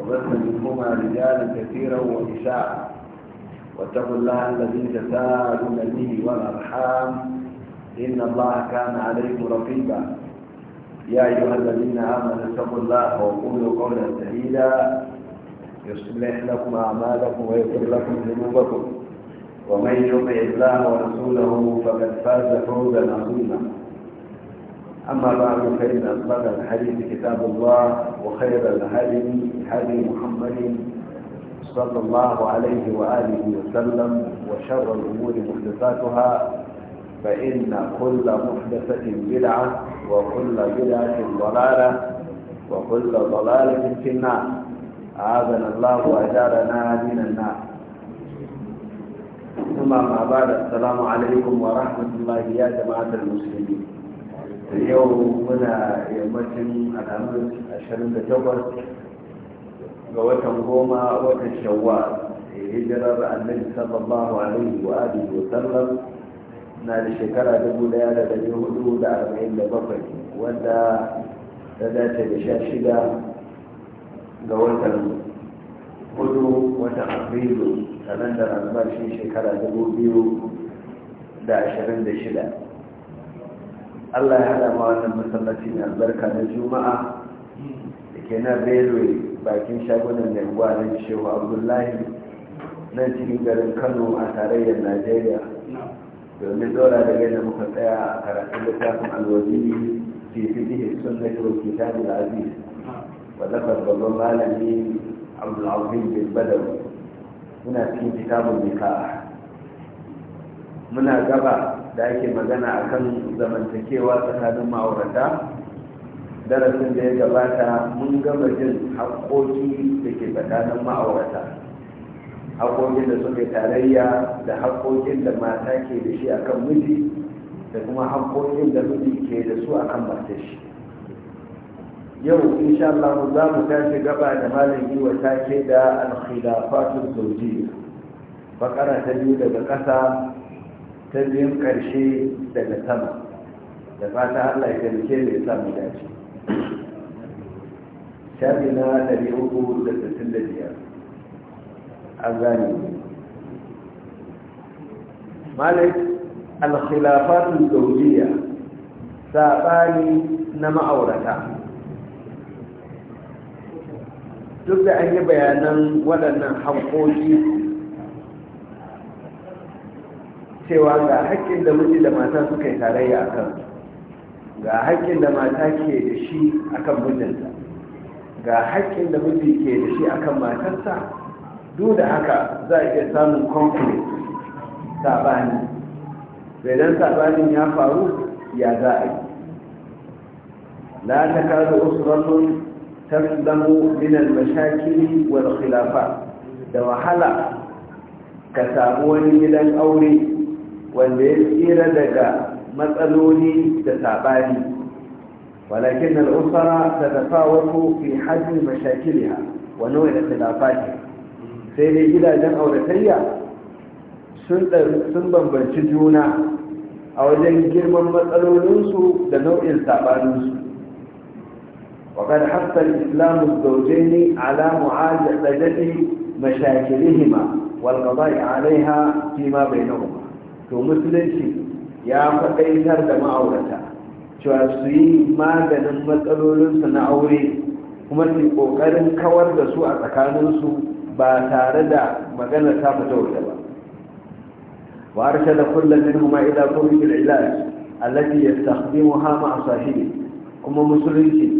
وبث منهما رجالا كثيرا ونساء واتقوا الله الذي تساءلون به والارحام ان الله كان عليكم رقيبا يا ايها الذين امنوا اتقوا الله وقولوا قولا سديدا يصلح لكم اعمالكم ويغفر لكم ذنوبكم ومن يطع الله ورسوله فقد فاز فوزا عظيما اما بعد فان اصدق الحديث كتاب الله وخير الهدي هدي محمد صلى الله عليه وآله وسلم وشر الأمور محدثاتها فإن كل محدثة بدعة وكل بدعة ضلالة وكل ضلالة في النار أعاذنا الله وأجارنا من النار ثم ما بعد السلام عليكم ورحمة الله يا جماعة المسلمين اليوم هنا يوم الأمس 28 ga watan goma watan shawwa eh, hijirar annabi sallallahu alaihi wa alihi wa sallam na da shekara dubu daya da dari hudu da arba'in da bakwai wanda ta dace da sha shida ga watan hudu watan afrilu da albashin shekara dubu biyu da ashirin da shida allah ya hada ma wannan masallaci mai albarka na juma'a da ke na railway bakin shagunan da na shehu abdullahi nan cikin garin kano a tarayyar najeriya domin dora da yadda muka tsaya a karatun littafin alwaziri fi na sunnati wa kitabil aziz wa lafaz babban malami Abdullahi bin badar muna cikin kitabun mika muna gaba da ake magana akan zamantakewa tsakanin ma'aurata darasin da ya gabata mun gama jin haƙoƙi da ke tsakanin ma'aurata haƙoƙin da suka tarayya da haƙoƙin da mata ke da shi akan miji da kuma haƙoƙin da miji ke da su akan mata shi yau insha Allah za mu tashi gaba da malam wa take da al-khilafatu zawjiyya bakara ta biyu daga ƙasa ta biyun ƙarshe daga sama da fata Allah ya kalle mu ya samu dace shafi na 365 an gane malik alkhilafatun zaujiya saɓani na ma'aurata duk da an yi bayanan waɗannan haƙoƙi cewa ga haƙƙin da miji da mata suka yi tarayya a kan ga haƙƙin da mata ke da shi a kan mijinta ga haƙƙin da miji ke da shi akan matarsa duk da haka za a iya samun conflict sabani idan sabanin ya faru ya za a yi la ta kazo usratun tarzamu min al-mashakili wal khilafa da wahala ka samu wani gidan aure wanda ya tsira daga matsaloli da sabani ولكن الأسرة تتفاوت في حجم مشاكلها ونوع اختلافاتها sai dai gidajen auratayya sun bambanci juna a wajen girman matsalolinsu da nau'in saɓaninsu وقد حث الإسلام الزوجين على معالجة مشاكلهما والقضاء عليها فيما بينهما to musulunci ya faɗaitar da ma'aurata cewa su yi maganin matsalolinsu na aure kuma su ƙoƙarin kawar da su a tsakaninsu ba tare da maganar ta fita waje ba wa harshe da kullum min huma ila tsohon ilaj allati ya tafi a sahibi kuma musulunci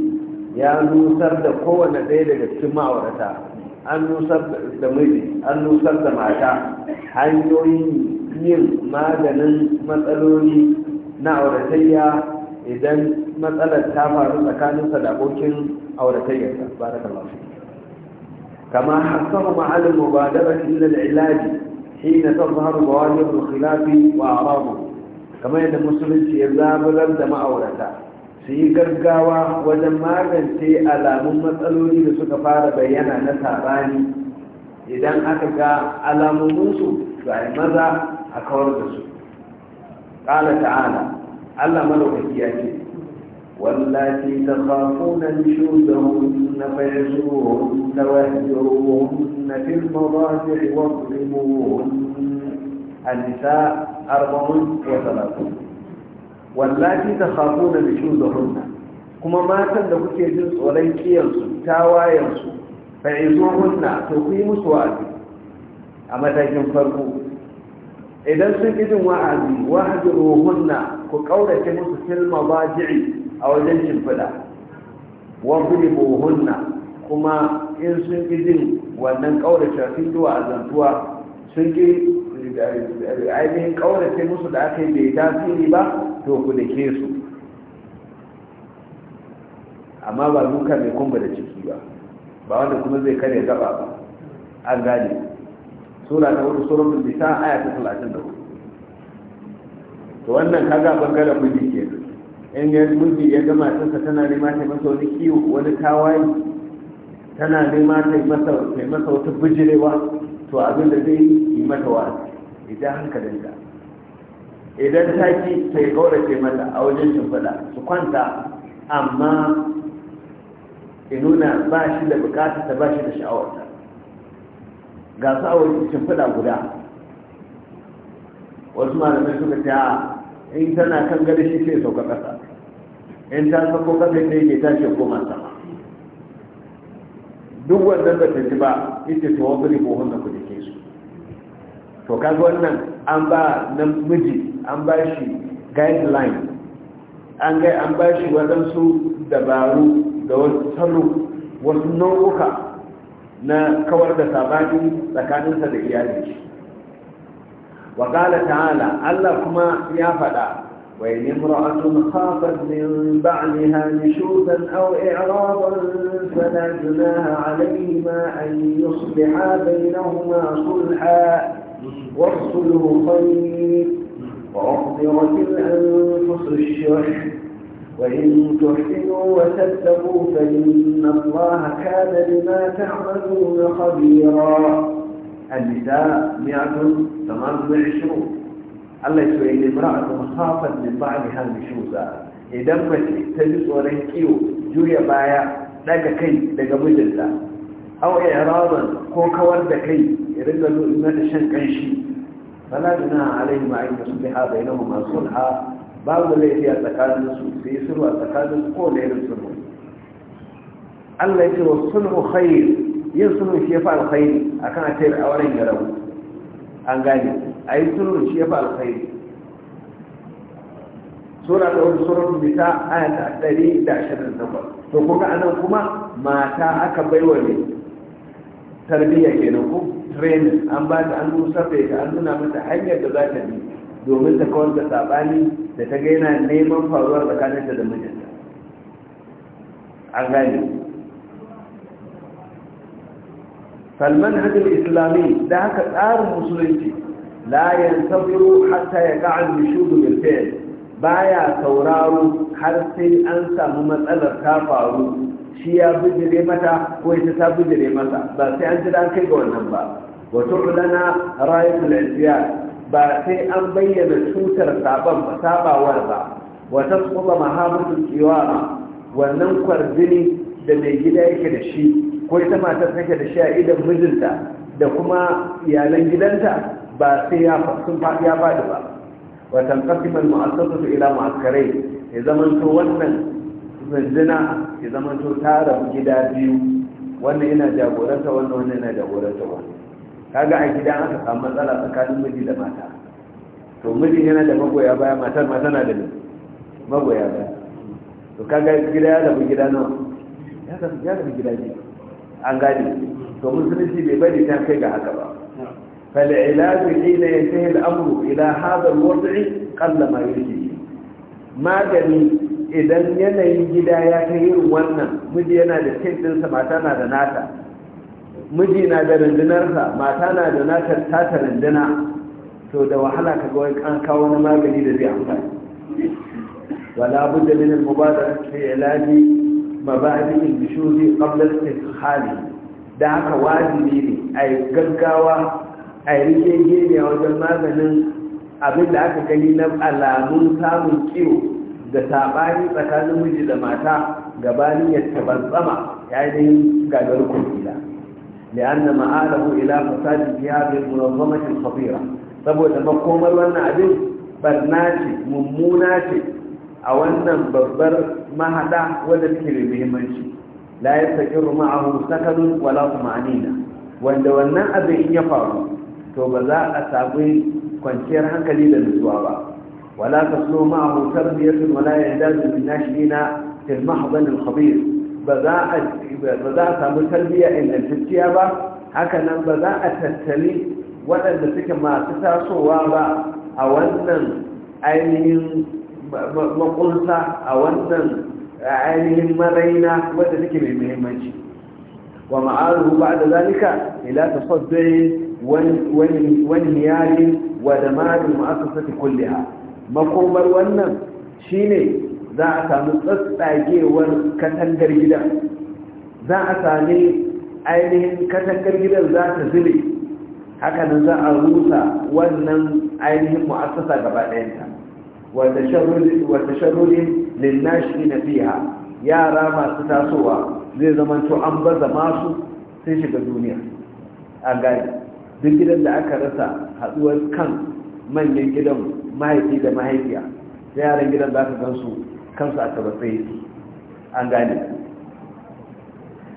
ya nusar da kowane ɗaya daga cikin ma'aurata an nusar da miji an nusar da mata hanyoyin yin maganin matsaloli na auratayya idan matsalar ta faru tsakaninsa da abokin auratayyarsa ba da kama kama hasabu ma'alin mubadara ilal ilaji hina tazharu bawadir al-khilafi wa arabu kamar yadda musulunci ya zaburar da ma'aurata su yi gaggawa wajen magance alamun matsaloli da suka fara bayyana na sabani idan aka ga alamominsu ga maza a kawar da su ƙala ta'ala. Allah malaukaki ya ce, Wallafi ta kafunan shugaban na fayyazo na wajewo na firma ba su yi wa kulimu hannisa arba'un wata lafi. Wallafi ta kafunan shugaban na kuma matan da kuke jin tsoron kiyarsu, tawayensu, fayyazo hunna to ku musu wa'azi a matakin farko. Idan sun fi jin wa'azi, wa'azi rohunna ku kaurace musu silma baji'i a wajen shimfiɗa wa buhunna kuma in sun ƙi wannan kaurace sun yi azantuwa sun ƙi eh, ainihin kaurace musu da aka yi bai tasiri ba to ku da ke su amma ba duka mai kumba da ciki ba ba wanda kuma zai kare gaba ba an gane sura ta hudu suratul bisa aya ta 34 to wannan kaga bangaren miji ke in ya miji ya ga matarsa tana nema ta masa wani kiwo wani tawayi tana nema ta masa ta masa wata bijirewa to abin da zai yi mata wa idan hankalinta idan ta ki ta yi kaurace mata a wajen shimfiɗa su kwanta amma inuna nuna ba shi da ta ba shi da sha'awarta ga su wajen shimfiɗa guda wasu malamai suka ta in tana kan gada shi sai sauka ƙasa in ta sako ƙasa ne ke tashi koma sama duk wannan da ta ci ba ita ta wasu ribohun da ku da ke su to kaga wannan an ba na miji, an ba shi guideline an gai an ba shi waɗansu dabaru da wasu salo wasu nau'uka na kawar da sabani tsakaninsa da iyalin shi وقال تعالى الله كما يفدا وإن امرأة خافت من بعلها نشوزا أو إعراضا فلا جناها عليهما أن يصلحا بينهما صلحا والصلح خير وأحضرت الأنفس الشح وإن تحسنوا وتتقوا فإن الله كان بما تعملون خبيرا النساء مئة ثمان وعشرون الله يسوي إن امرأة خافت من بعدها نشوزا إذا ما تجلس ورنكيو جوية بايا لك كي لك مجلة أو إعراضا كوكا ورد كي يرد له إما تشن كنشي فلا جناها عليهما أن يصلحا بينهما صلحا بعض الذي يتكالس في سر وتكالس قول إلى السر الله يسوي الصلح خير yin sulhu shi ya fi alkhairi a kan tayar auren ya rabu an gane a yi sulhu shi ya fi alkhairi sura ta wani surar nisa aya ta ɗari da ashirin da takwas to kuma a nan kuma mata aka baiwa ne tarbiyya nan ko training an ba ta an nusar da ta an nuna mata hanyar da za ta bi domin ta kawar da saɓani da ta gaina neman faruwar tsakaninta da mijinta an gane falman hajjar islami da haka tsarin musulunci layan sauro hatta ya ga'an nishu domin fayar ba sauraro har sai an samu matsalar ta faru shi ya bujire mata ko ita ta bujire mata ba sai an ji kai ga wannan ba wato kudana rayu kulajiya ba sai an bayyana cutar saban ba sabawar ba wata kuma mahamudu kiwama wannan kwarzini da mai gida yake da shi ko ita matar take da sha'idan idan mijinta da kuma iyalan gidanta ba sai ya sun faɗi ya faɗi ba wa tanqasimu al-mu'assasatu ila mu'akkarai ya zaman to wannan zinjina ya zaman to tara gida biyu wannan yana jagoranta wannan wannan yana jagoranta wannan kaga a gida aka samu matsala tsakanin miji da mata to mijin yana da magoya baya matar ma tana da magoya baya to kaga gida ya rabu gida nawa ya rabu gida biyu an gane to musulunci bai bari ta kai ga haka ba فالعلاج حين amru ila الى هذا الوضع قل ما يجي magani idan yanayin gida ya kai irin wannan miji yana da sa mata na da nata miji na da sa mata na da nata ta runduna to da wahala ka ga kan kawo na magani da zai amfani wala budda min al-mubadara fi ilaji mabadin bishuri ƙablar istikhali da haka wajibi ne a gaggawa a yi rike gene wajen maganin abin da aka gani na alamun samun kiwo da saɓani tsakanin miji da mata gabanin ya taban tsama ya yi ne gagar kwanfila da an na ma'ala ko ila fasadi ya bai murazzamashin saboda makomar wannan abin barna ce mummuna ce a wannan babbar mahada wadda take da muhimmanci la a ma'ahu sakalun wala anina, wanda wannan abin in ya faru to ba za a samu kwanciyar hankali da nutsuwa ba wala ma taslu ma'ahu tarbiyatun wala yadadu min nashina fil mahdan al khabir ba za a ba za a samu tarbiya ingantacciya ba haka nan ba za a tattali waɗanda suke masu tasowa ba a wannan ainihin makulsa a wannan ainihin maraina wadda take mai muhimmanci wa ma'aruhu ba da zalika ila ta saddain wani hiyarin wa da marin ma'asasati kulliha makomar wannan shine za a samu tsatsagewar katangar gidan za a sami ainihin katangar gidan za ta zile hakanan za a rusa wannan ainihin mu'assasa gaba ɗayanta wa tasharrudin linnashina fiha yara masu tasowa zai zamanto an baza masu sun shiga duniya a gari duk gidan da aka rasa haduwar kan manyan gidan mahaifi da mahaifiya da yaran gidan za ka gansu kansu a tabbatai an gane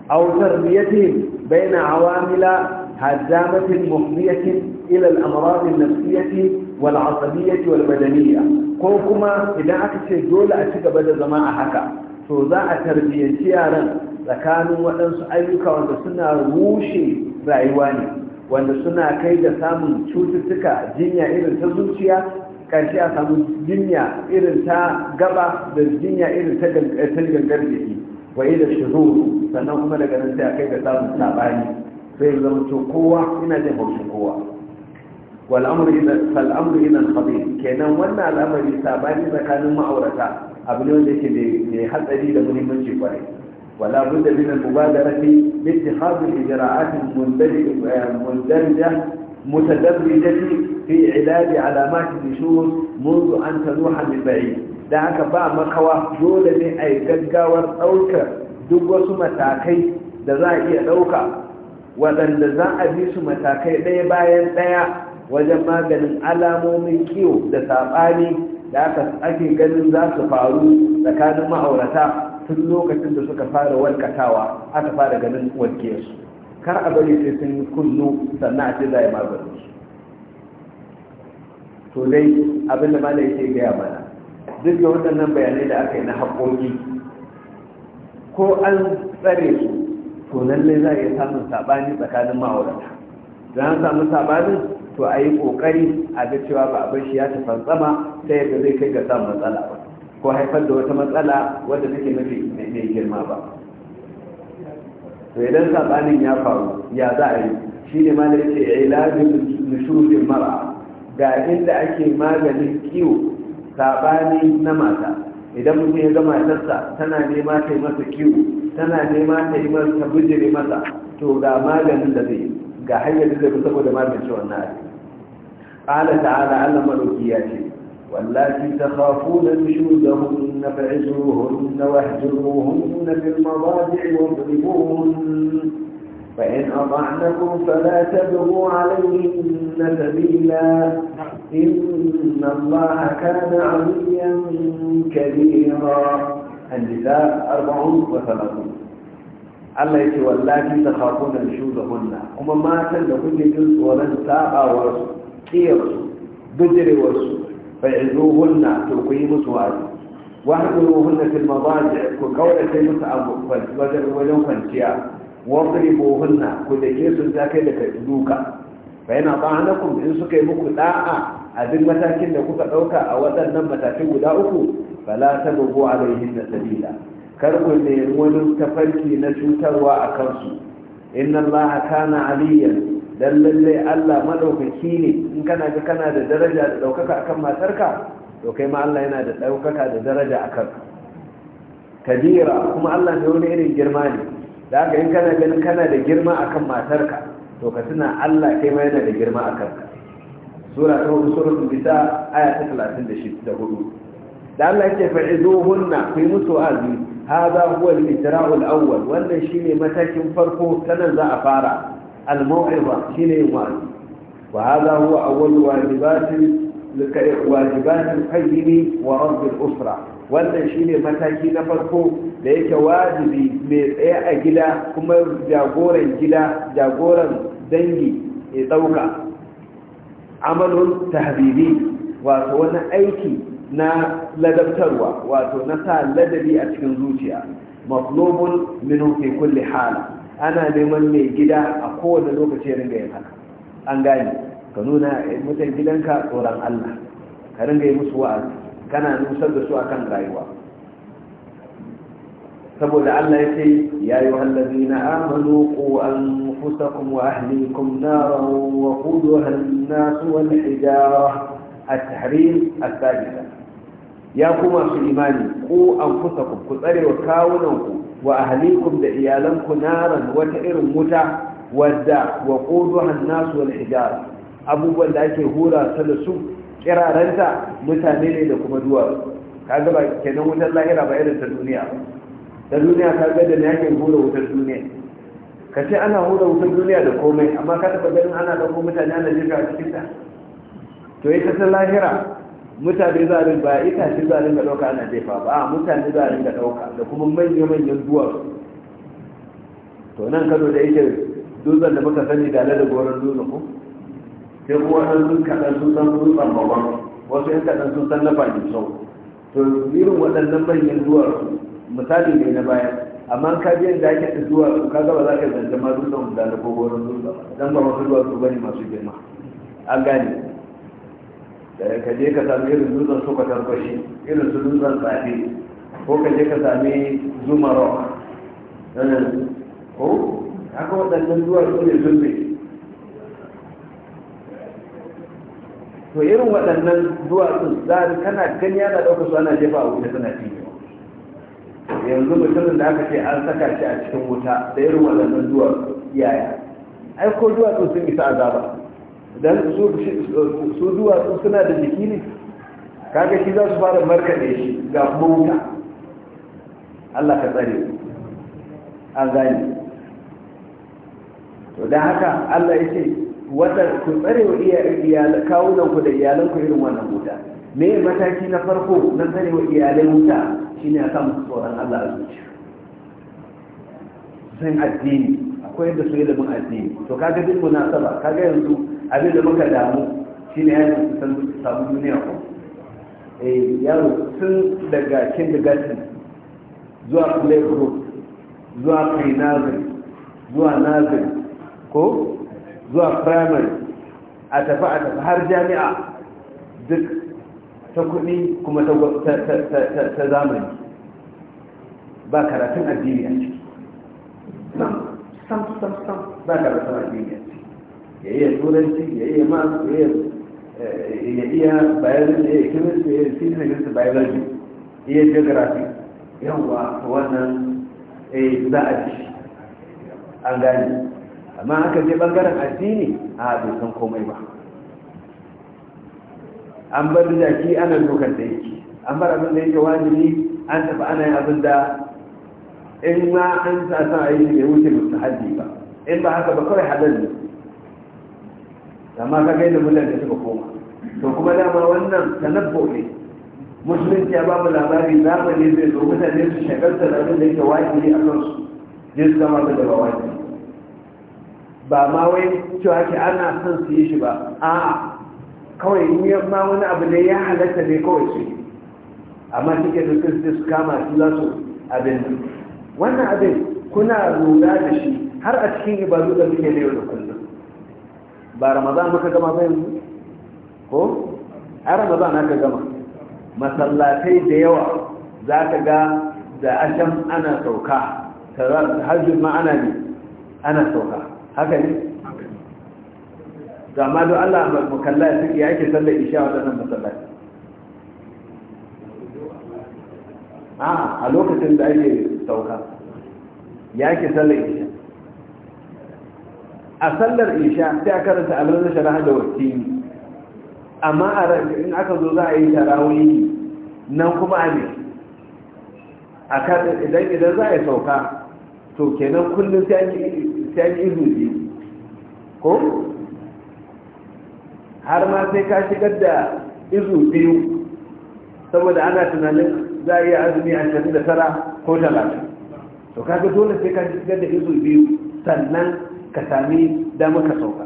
autar biyatin bai na awamila haddamatin muhdiyatin ilal amurarin nafsiyatin والعصبية والبدنية ko kuma idan aka ce dole a ci gaba da zama a haka to za a tarbiyyanci yaran tsakanin waɗansu ayyuka wanda suna rushe rayuwa ne wanda suna kai da samun cututtuka jinya irin ta zuciya ƙarshe a samu jinya irin ta gaba da jinya irin ta gangar jiki da shiru sannan kuma daga nan sai a kai da samun sabani sai zama to kowa ina jin haushin kowa wal'amuru idan khabir kenan wannan al'amari sabani tsakanin ma'aurata abu ne wanda yake mai hatsari da muhimmanci kwarai wala budda min al-mubadarati bi ittikhadhi al mundarija mutadabbijati fi ilaji alamat al-nushuz منذ أن تروح من بعيد da haka ba makawa dole ne a gaggawar ɗaukar duk wasu matakai da za a iya ɗauka waɗanda za a bi su matakai ɗaya bayan ɗaya wajen maganin alamomin kiwo da saɓani da aka ake ganin za su faru tsakanin ma'aurata tun lokacin da suka fara walkatawa aka fara ganin walkiyarsu kar a bari sai sun kullu sannan a ce za a yi maganin su to dai abinda mana yake gaya mana duk da waɗannan bayanai da aka yi na haƙoƙi ko an tsare su to lallai za a iya samun saɓani tsakanin ma'aurata zan samu saɓanin to a yi kokari a ga cewa ba a bar shi ya tafantsama ta yadda zai kai ga samun matsala ba ko haifar da wata matsala wadda take mafi mai girma ba to idan sabanin ya faru ya za a yi shi ne ma da yake ilajin nushuzin mara ga inda ake maganin kiwo sabani na mata idan mutum ya ga matarsa tana nema ta yi masa kiwo tana nema ta yi masa bijire masa to ga maganin da zai ga hanyar da zai saboda magance wannan ake. قال تعالى على ملوكياته واللاتي تخافون نشوزهن فعزوهن واهجروهن في المضاجع واضربوهن فإن أطعنكم فلا تبغوا عليهن سبيلا إن الله كان عليا كبيرا النساء أربع وثلاثون الله يقول لكن تخافون نشوزهن هم ما تلقوا كل جزء ولن تاقوا ورسول kiyarsu bijirewarsu fa'izuhunna to ku yi musu wa'azi wahduruhunna fil madaji ku sai musu abu wajen wajen kwanciya wadribuhunna ku da ke sun ta kai da duka fa yana kun in suka yi muku da'a a duk matakin da kuka ɗauka a waɗannan matakin guda uku a tabu na sabila kar ku nemi wani tafarki na cutarwa a kansu inna allaha kana aliyan dan lalle Allah madaukaki ne in kana ga kana da daraja da daukaka akan matarka to kai ma Allah yana da daukaka da daraja akan kabira kuma Allah ne wani irin girma ne da haka in kana ganin kana da girma akan matarka to ka tuna Allah kai ma yana da girma akan ka sura ta hudu suratul bisa aya ta talatin da hudu da Allah yake fa'izuhunna fi musu azmi هذا هو الإجراء الأول وأن شيء متاكم فرقه كان ذا أفارا الموعظة شنو وعد وهذا هو أول واجبات واجبات القيم ورب الأسرة wannan shine mataki na farko da yake wajibi mai tsaye a gida kuma jagoran gida jagoran dangi ya ɗauka amalun tahbibi wato wani aiki na ladabtarwa wato na sa ladabi a cikin zuciya maflobun minu fi kulli hala ana neman mai gida a kowane lokaci ya ringa yin haka an gane ka nuna mutan gidanka tsoron Allah ka ringa yi musu wa'azi kana nusar da su akan rayuwa saboda Allah ya ce ya yi wallazi na amanu ko an fusa kuma ahlikum nara wa kudu hannasu wani hijara a tahrim a sadisa ya kuma su imani ko an fusa ku tsare wa kawunanku wa ahlikum da iyalanku naran wata irin wuta wadda wa quduha an wal hijar abubuwan da ake hura ta da su kiraranta mutane ne da kuma duwatsu kaga ba kenan wutar lahira ba irin ta duniya ta duniya ga da ne hura wutar duniya ka ce ana hura wutar duniya da komai amma ka taɓa ganin ana dauko mutane ana jirga a cikin ta to ita ta lahira mutane za a rin ba shi za a rinka ɗauka ana jefa ba a mutane za a rinka ɗauka da kuma manyan manyan duwatsu to nan kano da yake dutsen da muka sani da da goron dutsen ku sai kuma wasan sun kaɗan sun san dutsen babban wasu yan kaɗan sun san na bakin sau to irin waɗannan manyan duwatsu misali ne na baya amma ka biyan da ake da duwatsu ka gaba za ka zanta ma dutsen da da goron dutsen dan ba wasu duwatsu bane masu girma an gane Eh, ka je ka sami irin dutsen suka tarbashi irin su dutsen tsafi ko ka je ka sami zuma rock eh, ko haka waɗannan duwatsu ne zumbe to irin waɗannan duwatsu za a kana gani yana ɗauka su ana jefa a wuta suna cinye yanzu mutumin da aka ce an saka shi a cikin wuta da irin waɗannan duwatsu yaya ai ko duwatsu sun isa azaba dan su duwatsu suna da jiki ne kaga shi za su fara markaɗe shi ga kuma wuta Allah ka tsare an gani to da haka Allah ya ce wata ku tsare wa iyalai ku da iyalanku irin wannan wuta me mataki na farko na tsare wa iyalan wuta shine a kan tsoron Allah a zuciya sun addini akwai yadda su ilimin addini to kaga duk munasaba kaga yanzu abin da muka damu shi ne yana su san samu duniya ko eh, yaro sun daga kindergarten zuwa play group zuwa kai zuwa nazir ko zuwa primary a tafi a tafi har jami'a duk ta kudi kuma ta zamani ba karatun addini a ciki sam sam sam sam ba karatun addini ya iya turanci ya iya masu ya iya eh, iya biology ya iya chemistry ya iya physics biology iya geography yawa wannan eh za a ci an gani amma aka je bangaren addini a bai san komai ba an bar jaki ana dokar da yake an bar abin da yake wajibi an tafi ana yin abin da in ma an sa sa a yi aiki bai wuce musu haddi ba in ba haka ba kawai halal ne amma ka gaida mulan da suka koma to kuma dama wannan tanabbo ne musulunci ya babu labari zamani zai zo mutane su shagalta da abin da yake ne a kansu zai su zama da daga ba ma wai cewa ke ana son su yi shi ba a'a kawai in ma wani abu ne ya halatta ne kawai su yi amma suke da kristi su kama su za su abin wannan abin kuna lura da shi har a cikin ibadu da muke da yau da kullum ba ramadan muka gama ba yanzu ko a ramadan aka gama masallatai da yawa za ka ga da asham ana sauka hajjin ma ana ne ana sauka haka ne ga ma don allah makalla ya suke yake sallar isha waɗannan masallatai a ah, a lokacin da ake sauka ya ke sallar isha a sallar isha sai a karanta alwazin sharaha da wakili amma a in aka zo za a yi wuyi nan kuma a ne a kada idan idan za a yi sauka to kenan kullum sai an yi izu ko har ma sai ka shigar da izu biyu saboda ana tunanin za a yi azumi shari'a da tara ko talatin to kaga dole sai ka shigar da izu biyu sannan ka sami damar ka sauka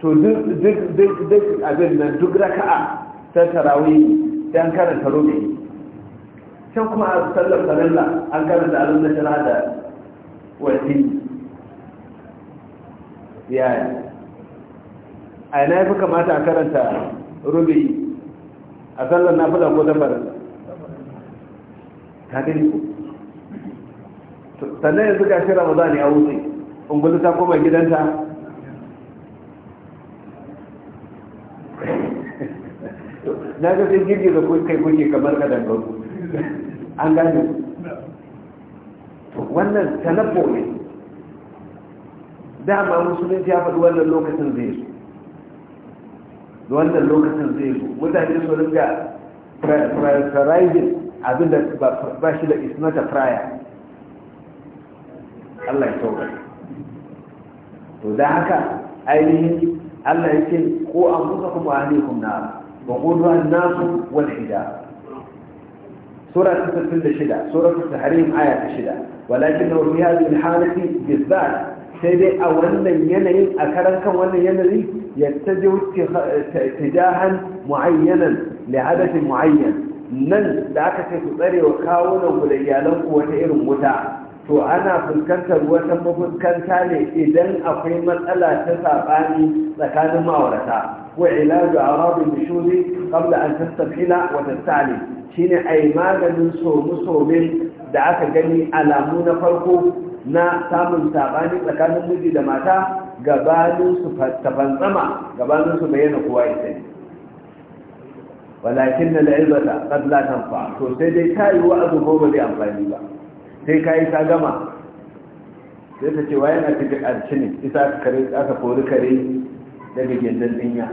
to duk abin nan duk raka'a ta tarawih dan karanta rubi can kuma a sallar farilla an karanta abin da tana da wasi yaya a yana ya fi kamata a karanta rubi a sallar na fula ko ta farilla ta gani ku sannan yanzu ga shi ramadani a wuce ungulu ta koma gidanta na ga sai girgi da kai kuke kamar ka dangaru an gani wannan talabo ne dama musulunci ya faɗi wannan lokacin zai zo da wannan lokacin zai zo mutane su ringa prioritizing abinda ba shi da isnata prior Allah ya taugata to da haka ainihin Allah yake ko an kusa kuma alaikum na ba kudu an nasu wal hida sura ta shida sura ta tahrim aya ta shida. walakin law fi hadhihi al halati bizat sai dai a wannan yanayin a karan kan wannan yanayi yattajihu tijahan muayyanan li hadath muayyan nan da aka ce su tsare wa kawunan ku da iyalanku wata irin wuta to ana fuskantar wata mafuskanta ne idan akwai matsala ta saɓani tsakanin ma'aurata wa ilaju a rabin shuri kabla an tattafila wa shi ne a yi maganin somi da aka gani alamu na farko na samun saɓani tsakanin miji da mata gabanin su tafantsama gabanin su bayyana kowa ita ne walakin na la'izata kad la fa to sai dai ta yi wa ko ba zai amfani ba sai ka yi ta gama sai ta ce wayan a cikin arci ne isa kare aka kori kare daga gindin dinya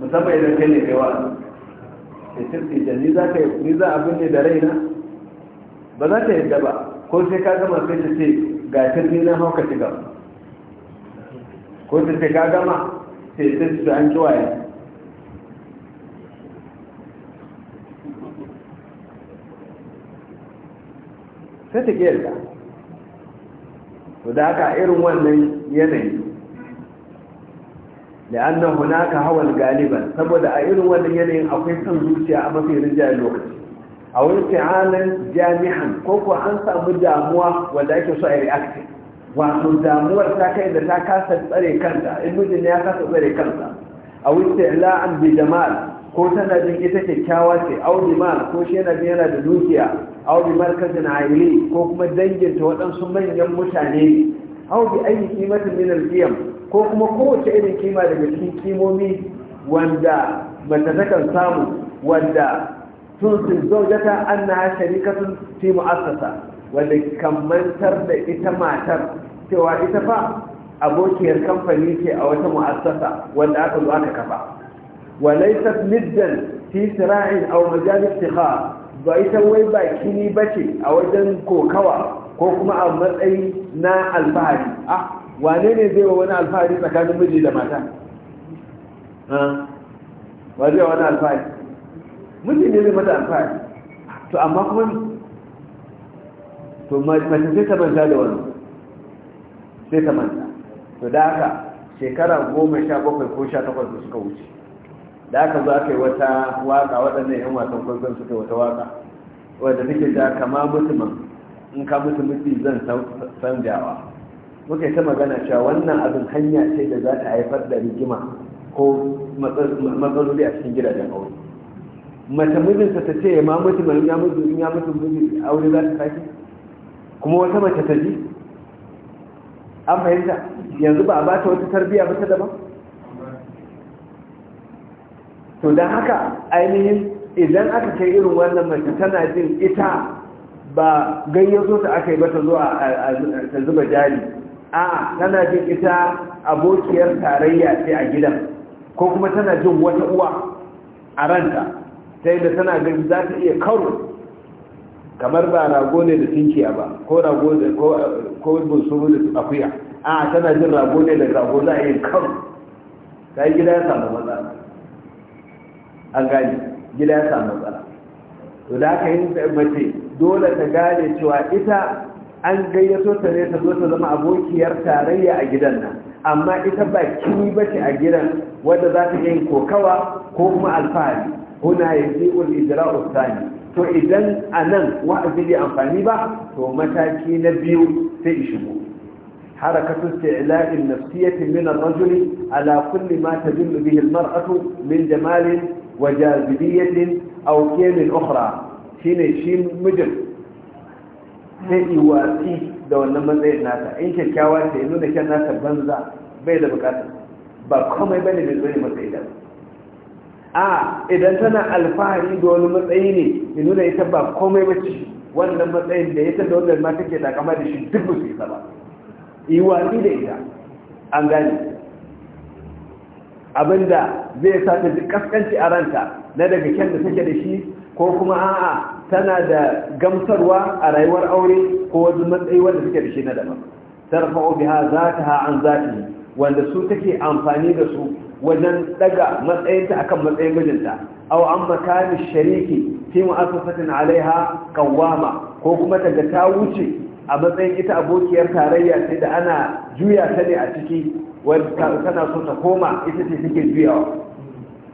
musamman idan kai ne kai wa'azi ya sirfi da ni za ka yi ni za abin ne da raina ba za ta yi ba ko sai ka gama sai ta ce ga sirfi na hauka shiga ko ta ce ka gama sai ce an ci waye sai ta yarda to da haka irin wannan yanayi la'anna hunaka hawan galiban saboda a irin wannan yanayin akwai san zuciya a mafi rinjaye lokaci a wani fi'alan jami'an ko ko an samu damuwa wanda ake so a react wato damuwar ta kai da ta kasa tsare kanta in mijin ya kasa tsare kansa a wuce la'an bi jama'a ko tana jin ita kyakkyawa ce audi ma ko shi yana jin yana da dukiya audi markazin aili ko kuma danginta waɗansu manyan mutane audi ayi kimatin minar alqiyam ko kuma kowace irin kima daga cikin kimomi wanda mace takan samu wanda tunsin zaujata annaha sharikatun fi mu'assasa wanda kammantar da ita matar cewa ita fa abokiyar kamfani ce a wata mu'assasa wanda aka zo aka kafa وليست مدا في صراع او ba افتخار baitan wai baki ne bace a wajen kokawa ko kuma a matsayi na alfahari ah wane zai wa wani alfahari tsakanin miji da mata ba zai wani alfahari mata alfahari to amma kuma to mace sai ta manta da wani sai ta manta to da haka shekara goma sha bakwai ko sha takwas da suka wuce da aka zo aka yi wata waka waɗannan 'yan wasan kwankwan suka wata waka wadda take da kama mutumin in ka mutu mutu zan sanjawa muka yi ta magana cewa wannan abin hanya ce da za ta haifar da rigima ko matsaloli a cikin gidajen aure mace mijinta ta ce ma mutu mai ya mutu in ya mutu mutu, aure za ta sake kuma wata mace ta ji an fahimta yanzu ba a ba ta wata tarbiyya ba ta daban to don haka ainihin idan aka kai irin wannan mace tana jin ita ba gayyato ta aka yi ba ta zo ta zuba jari a tana jin ita abokiyar tarayya ce a gidan ko kuma tana jin wata uwa a ranta ta da tana gani za ta iya karo kamar ba rago ne da tinkiya ba ko rago da ko suru da akuya a tana jin rago ne da rago za a yi karo ta gida ya samu matsala an gane gida ya samu matsala to da haka yin mace dole ta gane cewa ita an gayyato ta ne ta zo ta zama abokiyar tarayya a gidan nan amma ita ba kini ba ce a gidan wadda za ta yin kokawa ko kuma alfahari huna ya ji ul ijra'u thani to idan a nan wa'azi bai amfani ba to mataki na biyu sai shigo حركة استعلاء النفسية من الرجل على كل ما تدل به المرأة من جمال wa jazibiyatin aw kelin ukhra shine shi mijin sai iwatsi da wannan matsayin nata in kyakkyawa ce yanzu da nata banza bai da bukatar ba komai bane mai zo ne matsayi a idan tana alfahari da wani matsayi ne yanzu da ita ba komai ba ce wannan matsayin da ita da wannan ma takama da shi duk ba su ba iwatsi da ita an gane abinda zai sa ta ji kaskanci a ranta na daga kyan da take da shi ko kuma a'a tana da gamsarwa a rayuwar aure ko wani matsayi wanda take da shi na daban tarfa'u biha ha an zati wanda su take amfani da su wajen daga matsayinta akan matsayin mijinta aw an makani shariki fi mu'assasatin alaiha qawama ko kuma ga ta wuce a matsayin ita abokiyar tarayya sai da ana juya ta ne a ciki wadda tana so ta koma ita ce take juyawa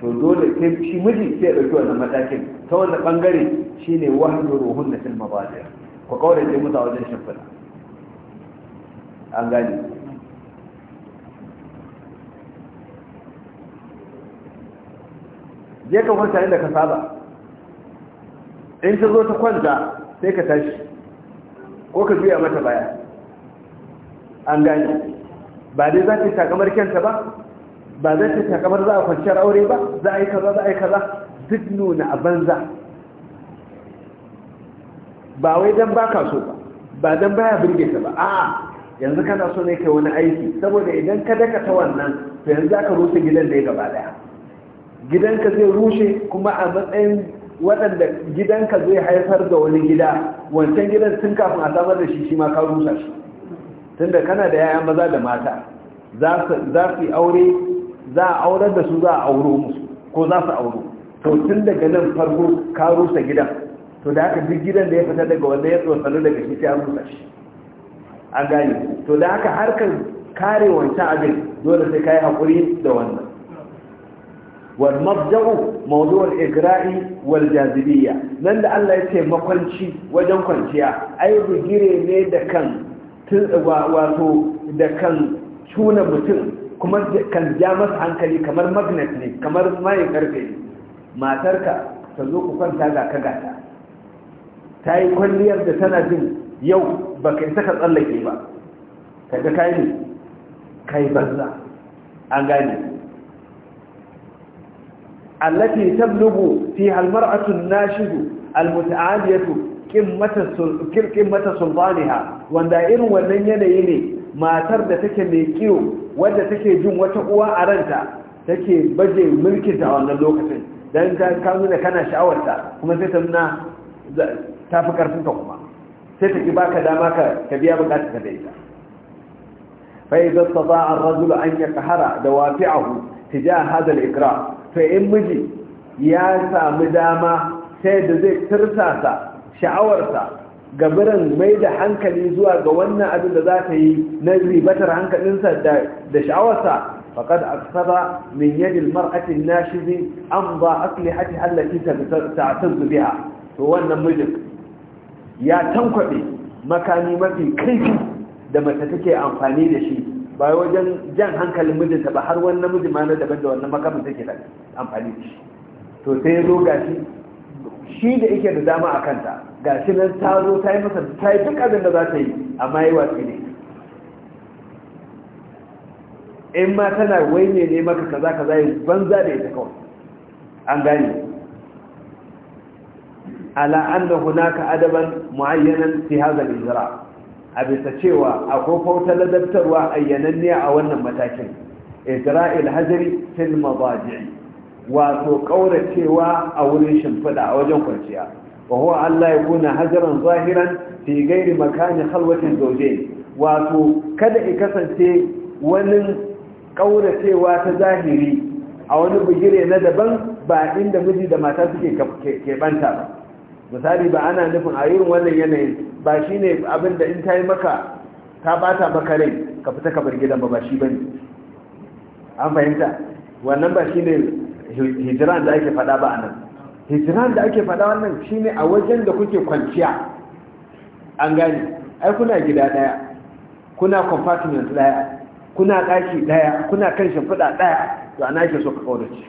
to dole sai shi miji sai ya ɗauki wannan matakin ta wanda ɓangare shi ne wahayi ruhun na filma ba da ku kawai ce mutu a wajen shimfiɗa an gani je ka kwanta inda ka saba in ta zo ta kwanta sai ka tashi ko ka juya mata baya an gani ba dai za ta yi takamar kyanta ba ba za ta yi takamar za a kwanciyar aure ba za a yi kaza za a yi kaza duk nuna a banza ba wai don ba ka so ba ba don baya birge ta ba a yanzu kana so ne kai wani aiki saboda idan ka daka ta wannan to yanzu za ka rushe gidan da ya gaba daya gidanka zai rushe kuma a matsayin waɗanda gidanka zai haifar da wani gida wancan gidan tun kafin a samar da shi shi ma ka rusa shi tunda kana da yayan maza da mata za su yi aure za a aurar da su za a auro musu ko za su auro to tun daga nan farko ka rusa gidan to da haka duk gidan da ya fita daga wanda ya tsotsalo daga shi ya rusa shi an gane to da haka harkar kare wancan abin dole sai ka yi haƙuri da wannan wal mabda'u mawdu'ul igra'i wal jazibiyya nan da Allah ya ce makwanci wajen kwanciya ai gire ne da kan wato da kan cuna mutum kuma kan ja masa hankali kamar magnet ne kamar mayin karfe ne matarka ta zo ku kwanta ga ka gata ta yi kwalliyar da tana jin yau ba ka isa ka tsallake ba ka yi ne kai banza an gane التي تبلغ فيها المرأة الناشد المتعالية قمة سلطانها wanda irin wannan yanayi ne matar da take mai kiyo wadda take jin wata uwa a ranta take baje mulkinta a wannan lokacin don kawo da kana sha'awarta kuma sai ta nuna ta fi karfinka kuma sai ta ki baka dama ka biya bukatar ka da wafi da wafi'ahu ta أن يقهر ikra to in miji ya samu dama sai da zai tursasa sha'awarsa. gabaran mai da hankali zuwa ga wannan abin da za ka yi na ribatar hankalinsa da sha'awarsa faƙad aksaba min yadil mar'atin nashizi an ba aslihati allati ta'tazzu biha to wannan mijin ya tankwabe makami mafi kaifi da mace take amfani da shi ba wajen jan hankalin mijinta ba har wannan mijin ma na daban da wannan makamin take amfani da shi to sai ya zo gashi shi da yake da dama a kanta ga shi nan ta zo ta yi masa ta yi duk abin da za ta yi amma yi wasu ne in ma tana wai ne ne maka kaza kaza yi banza da ita kawai an gane ala huna ka adaban muayyanan fi hadha al a bisa cewa akwai fautar ladabtarwa ayyananne a wannan matakin izrail hajri fil madaji wato cewa a wurin shimfiɗa a wajen kwanciya وهو أن لا يكون هجرا ظاهرا في غير مكان Wato kada واتو kasance wani ولن ta zahiri, a wani bugire na daban ba inda miji da mata suke keɓanta ba misali ba ana nufin a irin wannan yanayin ba shi ne abin da in ta yi maka ta bata maka rai ka fita ka gidan ba shi ba ne an fahimta wannan ba shi ne hijiran da ake faɗa ba a nan hijiran da ake faɗa wannan shine a wajen da kuke kwanciya an gane ai kuna gida ɗaya kuna compartment ɗaya kuna ɗaki ɗaya kuna kan shimfiɗa ɗaya, to ana ke so ka ƙaurace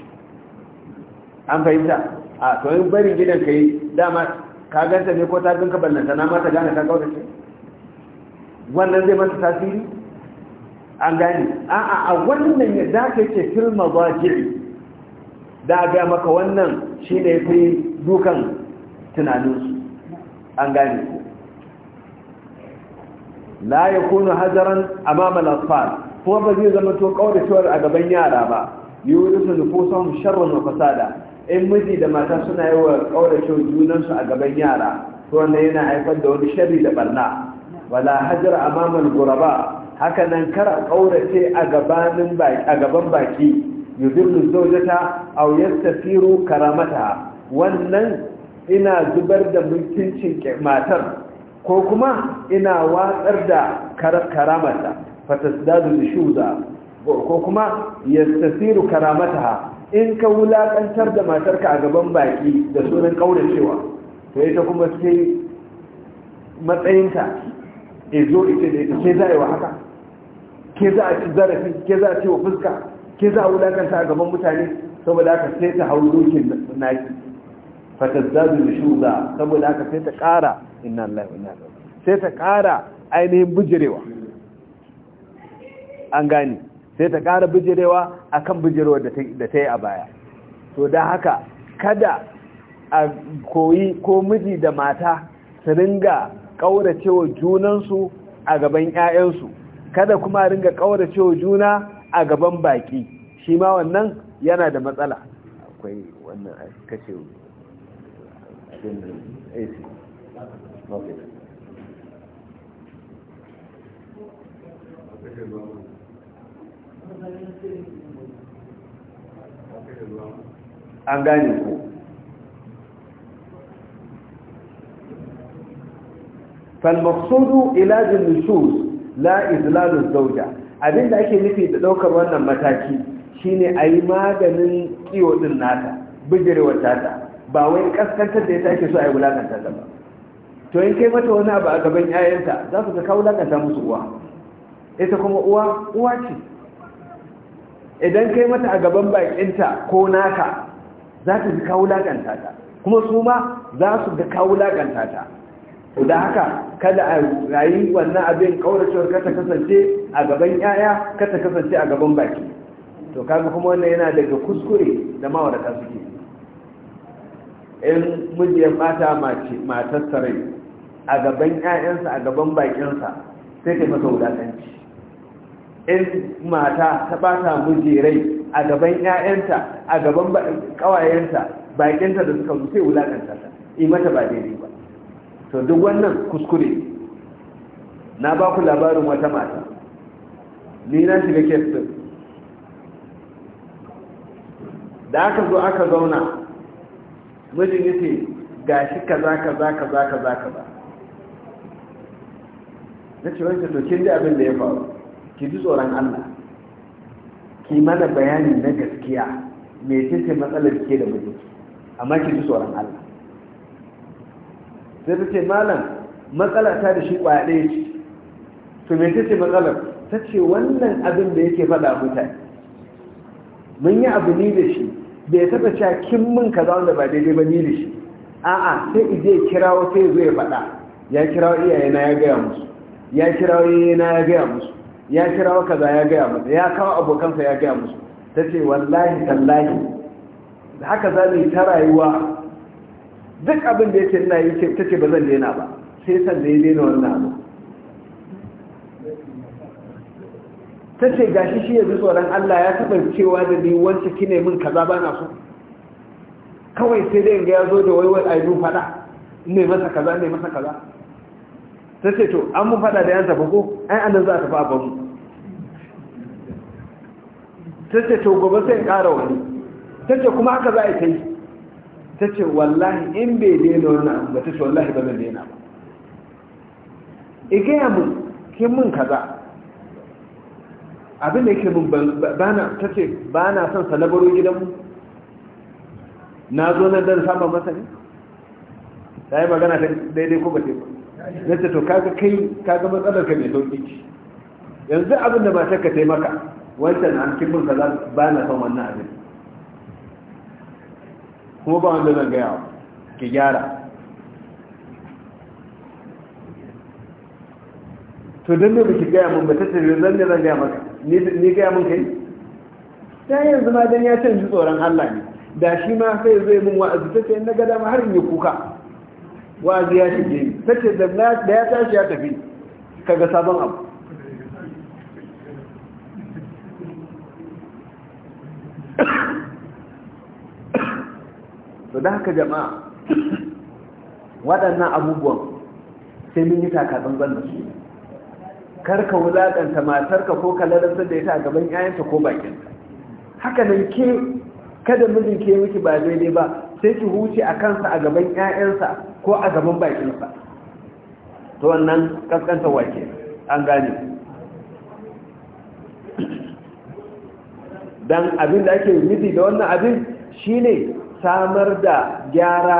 an fahimta a to yin barin gidan ka yi dama ka ganta ne ko ta ganka ballanta na mata gane ta ƙaurace wannan zai mata tasiri an gane a'a a wannan ya ka yake filma ba jiri da ga maka wannan shi ne fi dukan tunaninsu an gane ku la ya kunu a amama lafar kuma ba zai zama to kauracewar a gaban yara ba yi wuri su nufo samun na fasada in miji da mata suna yi wa kauracewar junansu a gaban yara to wanda yana haifar da wani shari da barna wala hajar amamal guraba haka nan kara kaurace a gaban baki yudillu zawjata aw yastafiru karamata wannan ina zubar da mutuncin matar ko kuma ina watsar da karamata fatasdadu shuda ko kuma yastafiru karamata in ka wulakantar da matarka a gaban baki da sunan cewa, to ita kuma sai matsayinta izo ita da ita ke za a yi wa haka ke za a ci zarafi ke za a ci wa fuska ke za a wulakanta a gaban mutane saboda haka sai ta hau dokin naki fatazzadu shuza saboda haka sai ta ƙara inna Allah inna Allah sai ta ƙara ainihin bujirewa an gani sai ta ƙara a akan bujirewa da ta yi a baya to da haka kada a koyi ko miji da mata su ringa ƙauracewa junansu a gaban 'ya'yansu kada kuma ringa ƙauracewa juna a gaban baki shi ma wannan yana da matsala akwai wannan kashe AC an gane ku فالمقصود علاج النشوز لا إذلال الزوجة abin da ake nufi da ɗaukar wannan mataki shine a yi maganin kiwo ɗin nata bijirewar tata ba wai kaskantar da ya take so a yi wulakanta ba to in kai mata wani abu a gaban 'ya'yanta za su ga wulakanta musu uwa ita kuma uwa uwa ce idan kai mata a gaban bakinta ko naka za su ji wulakanta ta kuma su ma za su ga ka wulakanta ta da haka kada a rayu wannan abin kauracewar ka ta kasance a gaban yaya kata ta kasance a gaban baki to kaga kuma wannan yana daga kuskure da mawarata suke in miji mata mace matarsa rai a gaban yayansa a gaban bakinsa sai ta masa wulakanci in mata ta bata miji rai a gaban yayanta a gaban kawayenta bakinta da suka zo sai wulakanta ta yi mata ba daidai ba to duk wannan kuskure na ba ku labarin wata mata ni na shiga kestin da aka zo aka zauna mijin za gashi za ka, za ka ba. na ce wancan to kin ji abin da ya faru ki ji tsoron Allah ki mana bayani na gaskiya mai ce matsalar ke da mijin amma ki ji tsoron Allah sai ta ce malam matsala ta da shi kwaɗe ɗaya ce to me ce matsalar ta ce wannan abin da yake faɗa mutane mun yi abu ni da shi bai taɓa cewa kin min kaza wanda ba daidai ba ni da shi a'a sai ije kirawo sai zo ya faɗa ya kirawo iyayena ya gaya musu ya kirawo iyayena ya gaya musu ya kirawo kaza ya gaya musu ya kawo abokansa ya gaya musu ta ce wallahi tallahi haka za mu yi ta rayuwa duk abin da yake ina yi ta ce ba zan daina ba sai san da ya daina wannan abu ta ce gashi shi yanzu tsoron Allah ya taɓa cewa da ni ki kine min kaza ba na so kawai sai dai ga ya zo da wai a yi faɗa ne masa kaza ne masa kaza ta ce to an mu faɗa da yan tafi ko ai an za a tafi a bamu ta ce to gobe sai ƙara wani ta ce kuma haka za a yi ta yi ta ce wallahi in bai daina wannan abu ba ta ce wallahi ba zai daina ba igaya mun ke mun kaza abin da yake mun bana ta ce ba na son salabaro gidanmu na zo nan dan samun masani. ta yi magana ta daidai ko ba ce ba na ce to kaga kai kaga matsalar ka mai sauki yanzu abin da matar ka taimaka wancan an kin mun kaza ba na son wannan abin kuma ba wanda zan gaya ki gyara to don ne ki gaya mun ba ta tafiye zan ne zan gaya maka ni gaya mun kai ta yanzu ma dan ya canji tsoron Allah ne da shi ma sai zai mun wa'azi ta ce na gada ma har in yi kuka wa'azi ya shige ni ta ce da ya tashi ya tafi kaga sabon abu to da haka jama'a waɗannan abubuwan sai mun yi takatsantsan da su Kar karka wulaƙanta matarka ko ka larabtar da ita a gaban 'ya'yanta ko bakin haka nan ke kada mijin ke miki ba daidai ba sai ki huce a kansa a gaban 'ya'yansa ko a gaban bakinsa to wannan kaskanta wake an gane dan abin da ake miji da wannan abin shine samar da gyara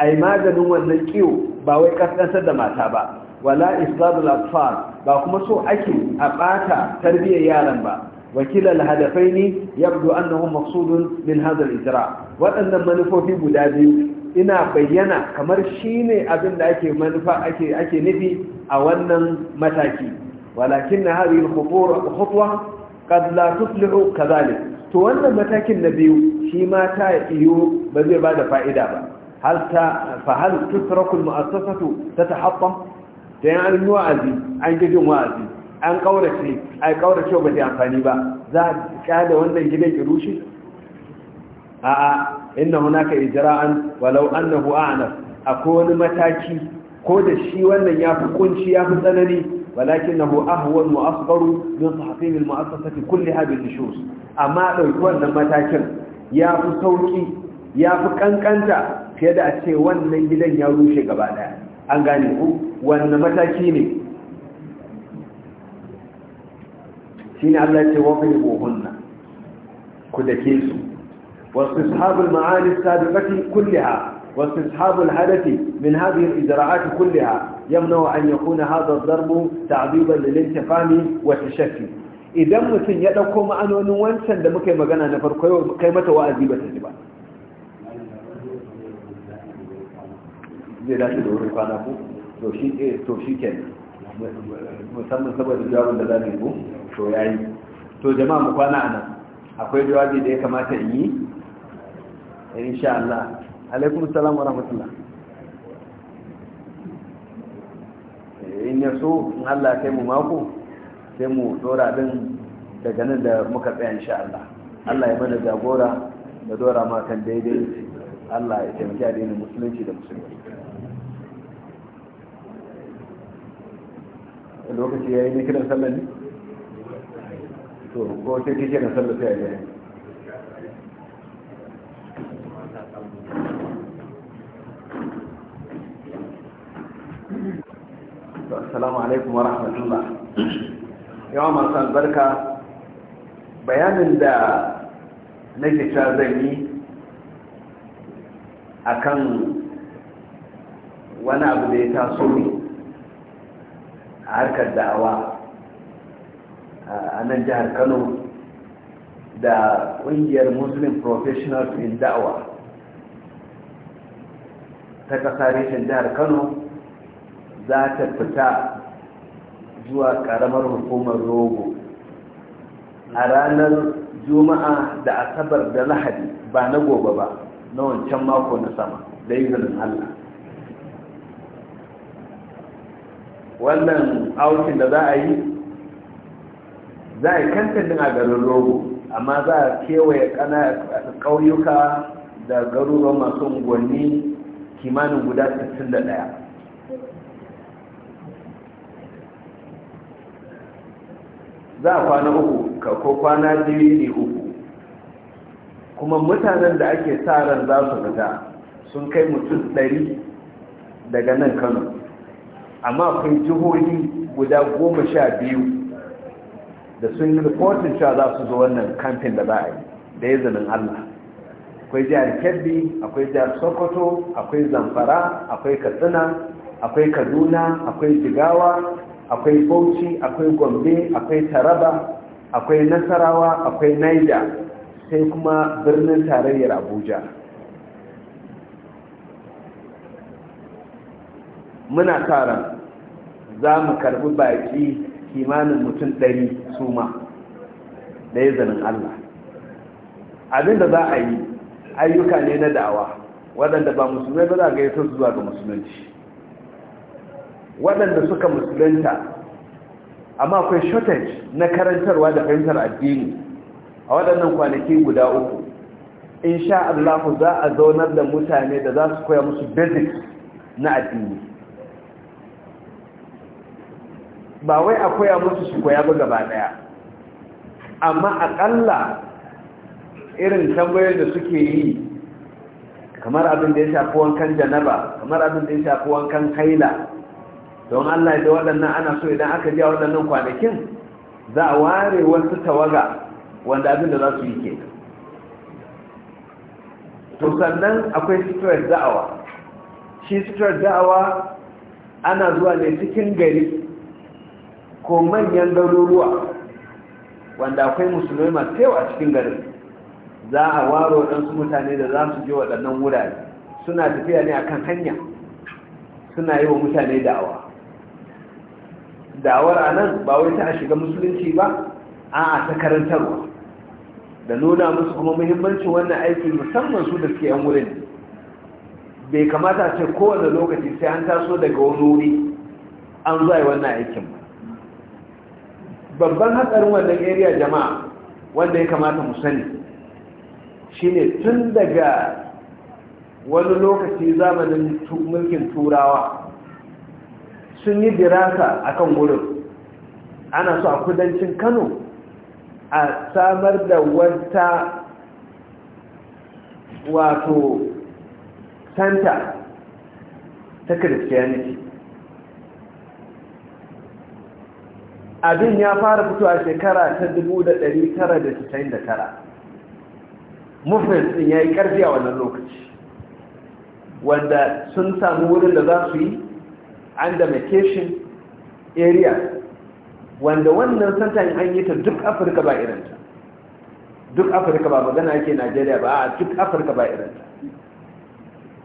a yi maganin wannan kiwo ba wai kaskantar da mata ba wala islamul atfar ba kuma so ake a bata tarbiyyar yaran ba ne hadafaini yabdu annahu maqsudun min hadha al-ijra waɗannan manufofi guda biyu ina bayyana kamar shine abin da ake manufa ake ake nufi a wannan mataki walakin hadhihi al-khutwa qad la tuflihu kadhalik to wannan matakin na biyu shi ma ta iyo ba zai ba da fa'ida ba hal ta fahal tusrakul mu'assasatu ta da ya an yi wa'azi an gijin wa'azi an kaurace ai kaurace ba ta amfani ba za a kada wannan gidan ki rushe a'a inna hunaka ijra'an walau annahu a'naf akwai wani mataki ko da shi wannan ya fi kunci ya fi tsanani ولكنه أهون وأصغر من صحفين المؤسسة كلها بالنشوز أما أقول لما تاكل يا فسوكي يا فكنكنت في هذا الشيء وانا جدا يروشي قبالا أنقانيه وانا متاكيني شين الله يتوضربوهن كدكيسو واستصحاب المعاني السابقة كلها واستصحاب الحدث من هذه الإجراءات كلها يمنع أن يكون هذا الضرب تعذيبا للانتقام والتشكي idan mutum ya ɗauko ma'anonin wancan da muka yi magana na farko kai mata wa'azi ba ta ji ba dace da wurin kwana ku musamman saboda jawabin da za mu yi to ya yi to jama'a mu kwana a nan akwai jawabi da ya kamata in yi insha Allah alaikum salam wa rahmatullah eh, in ya so in Allah kai mu mako sai mu dora din daga nan da muka tsaya insha Allah Allah ya mana jagora da dora ma kan daidai Allah ya taimaki addinin musulunci da musulunci lokaci ya yi ne kiran sallar ne to ko sai kike na sallar sai a gani alaikum wa rahmatullah yawa masu albarka bayanin da ke ta zan yi a kan wani abu da ya taso ne a harkar da'awa a nan jihar kano da ƙungiyar muslim professional in da'awa ta ƙasa reshen jihar kano za ta fita zuwa karamar hukumar rogo a ranar juma'a da asabar da lahadi ba na gobe ba na wancan mako na sama da izinin allah wannan aukin da za a yi za a yi kantin a garin rogo amma za a kewaye ƙauyuka da garuruwan masu unguwanni kimanin guda 61 za a kwana uku ko kwana biyu ne uku kuma mutanen da ake sa ran za su fita sun kai mutum ɗari daga nan kano amma akwai jihohi guda goma sha biyu da sun yi rikotin sha za su zo wannan kamfin da za a yi da izinin allah akwai jihar kebbi akwai jihar sokoto akwai zamfara akwai katsina akwai kaduna akwai jigawa akwai bauchi akwai gombe akwai taraba akwai nasarawa akwai naija sai kuma birnin tarayyar abuja muna tara za mu karbi baki kimanin mutum ɗari suma da izinin allah abinda za a yi ayyuka ne na da'awa waɗanda ba musulmai ba za a gaito zuwa ga musulunci waɗanda suka musulunta amma akwai shortage na karantarwa da fahimtar addini a waɗannan kwanaki guda uku sha Allah za a zaunar da mutane da za su koya musu basics na addini ba wai a koya musu su koya ba gaba ɗaya. amma akalla irin tambayoyin da suke yi kamar abin da ya shafi wankan janaba kamar abin da ya shafi wankan haila don allah da waɗannan ana so idan aka ja waɗannan kwanakin za a ware wasu tawaga wanda abin da za su yi ke to sannan akwai stress da'awa shi stress da'awa ana zuwa ne cikin gari ko manyan garuruwa wanda akwai musulmai masu yawa a cikin garin za a waro waɗansu mutane da za su je waɗannan wurare suna tafiya ne akan hanya suna yi wa mutane da'awa da'awar a nan ba wai ta a shiga musulunci ba a ta karantarwa da nuna musu kuma muhimmancin wannan aiki musamman su da suke yan wurin bai kamata ce kowane lokaci sai an taso daga wani wuri an zuwa wannan aikin ba. babban hatsarin wannan area jama'a wanda ya kamata mu sani shine tun daga wani lokaci zamanin mulkin turawa sun yi dirasa a kan wurin ana so a kudancin kano a samar da wata wato santa ta christianity abin ya fara fito a shekara ta 1999 mufin ya yi karfi a wannan lokaci wanda sun samu wurin da za su yi an demarcation area wanda wannan santa an yi ta duk afirka ba irinta duk afirka ba magana yake najeriya ba a duk afirka ba irinta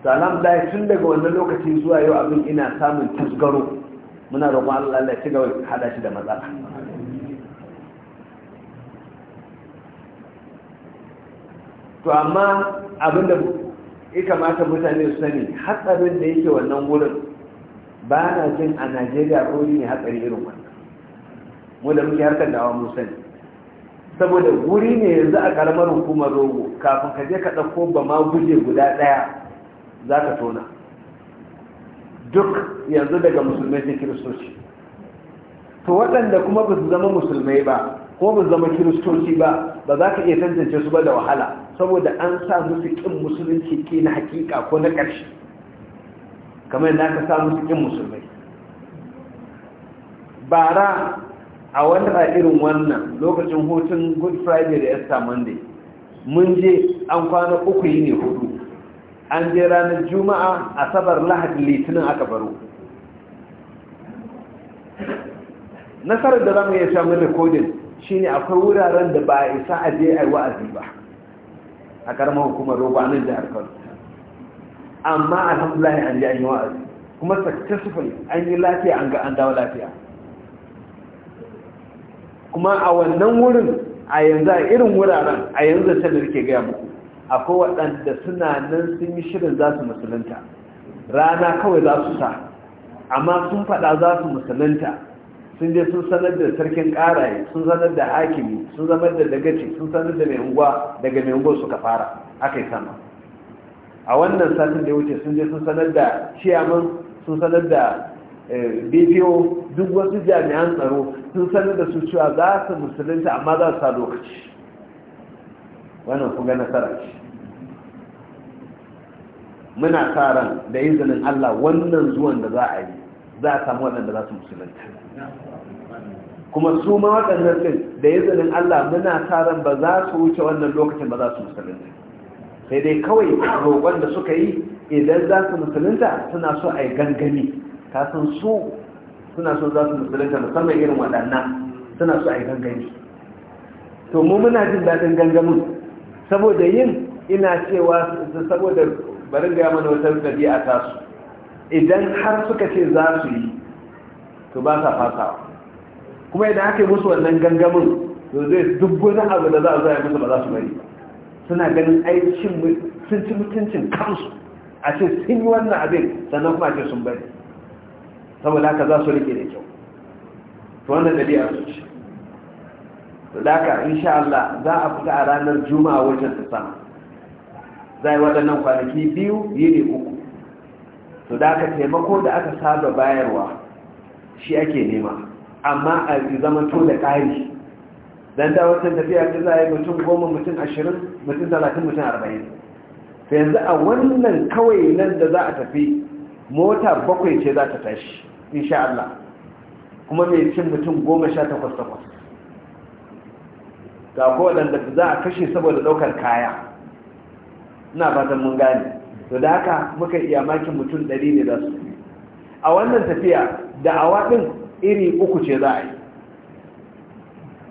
salam lai tun daga wannan lokaci zuwa yau abin ina samun tasgaro muna roƙon allah allah ci gaba hada shi da matsala to amma abin da ya kamata mutane su sani hatsarin da yake wannan wurin ba na jin a najeriya ko ne hatsari irin wannan mu da muke harkar da mu sani saboda guri ne yanzu a karamar hukumar rogo kafin ka je ka ɗauko ba ma guje guda ɗaya za ka tona duk yanzu daga musulmai sai kiristoci to waɗanda kuma ba su zama musulmai ba ko ba zama kiristoci ba ba za ka iya tantance su ba da wahala saboda an sa musu ƙin musulunci ke na hakika ko na ƙarshe kamar yadda aka samu cikin musulmai bara a wata irin wannan lokacin hutun good friday da easter monday mun je an kwana uku yi ne hudu an je ranar juma'a asabar lahadi litinin aka baro nasarar da zamu iya samun rikodin shine akwai wuraren da ba a isa a je a yi wa'azi ba a karamar hukumar roba nan jihar kano amma alhamdulahi an ji an yi wa'azi kuma successful an yi lafiya an ga an dawo lafiya kuma a wannan wurin a yanzu a irin wuraren a yanzu can da ke gaya muku akwai waɗanda suna nan sun yi shirin za su musulunta rana kawai za su sa amma sun faɗa za su musulunta sun je sun sanar da sarkin ƙaraye sun sanar da hakimi sun zama da dagaci sun sanar da mai unguwa daga mai unguwa suka fara aka yi sama a wannan satin da ya wuce sun je sun sanar da ciyaman sun sanar da eh, bpo duk wasu jami'an tsaro sun sanar da su cewa za su musulunta amma za su sa lokaci wannan kuma nasara ce muna sa ran da izinin allah wannan zuwan da za a yi za a samu waɗanda za su musulunta kuma su ma waɗannan ɗin da izinin allah muna sa ran ba za su wuce wannan lokacin ba za su musulunta sai dai kawai roƙon da suka yi idan za su musulunta suna so a yi gangami sun so suna so za su musulunta musamman irin waɗannan suna so a yi gangami to mu muna jin daɗin gangamin saboda yin ina cewa saboda barin gaya mana wata ɗabi'a ta su idan har suka ce za su yi to ba sa fasawa kuma idan aka yi musu wannan gangamin to zai dubbunan abu da za a zai musu ba za su bari ba suna ganin aikin sun ci mutuncin kansu a ce sun yi wannan abin sannan kuma ce sun bari saboda haka za su rike da kyau to wannan biya su ci to da haka insha Allah za a fita a ranar juma'a wajen ta sama za yi waɗannan kwanaki biyu ne uku to da haka taimako da aka saba bayarwa shi ake nema amma a zama to da ƙari dan da wata tafiya ta za a yi mutum goma mutum ashirin mutum talatin mutum arba'in sai yanzu a wannan kawai nan da za a tafi mota bakwai ce za ta tashi insha Allah kuma mai cin mutum goma sha takwas takwas ga kowaɗanda za a kashe saboda ɗaukar kaya ina fatan mun gane to da haka muka iya makin mutum ɗari ne za su a wannan tafiya da awaɗin iri uku ce za a yi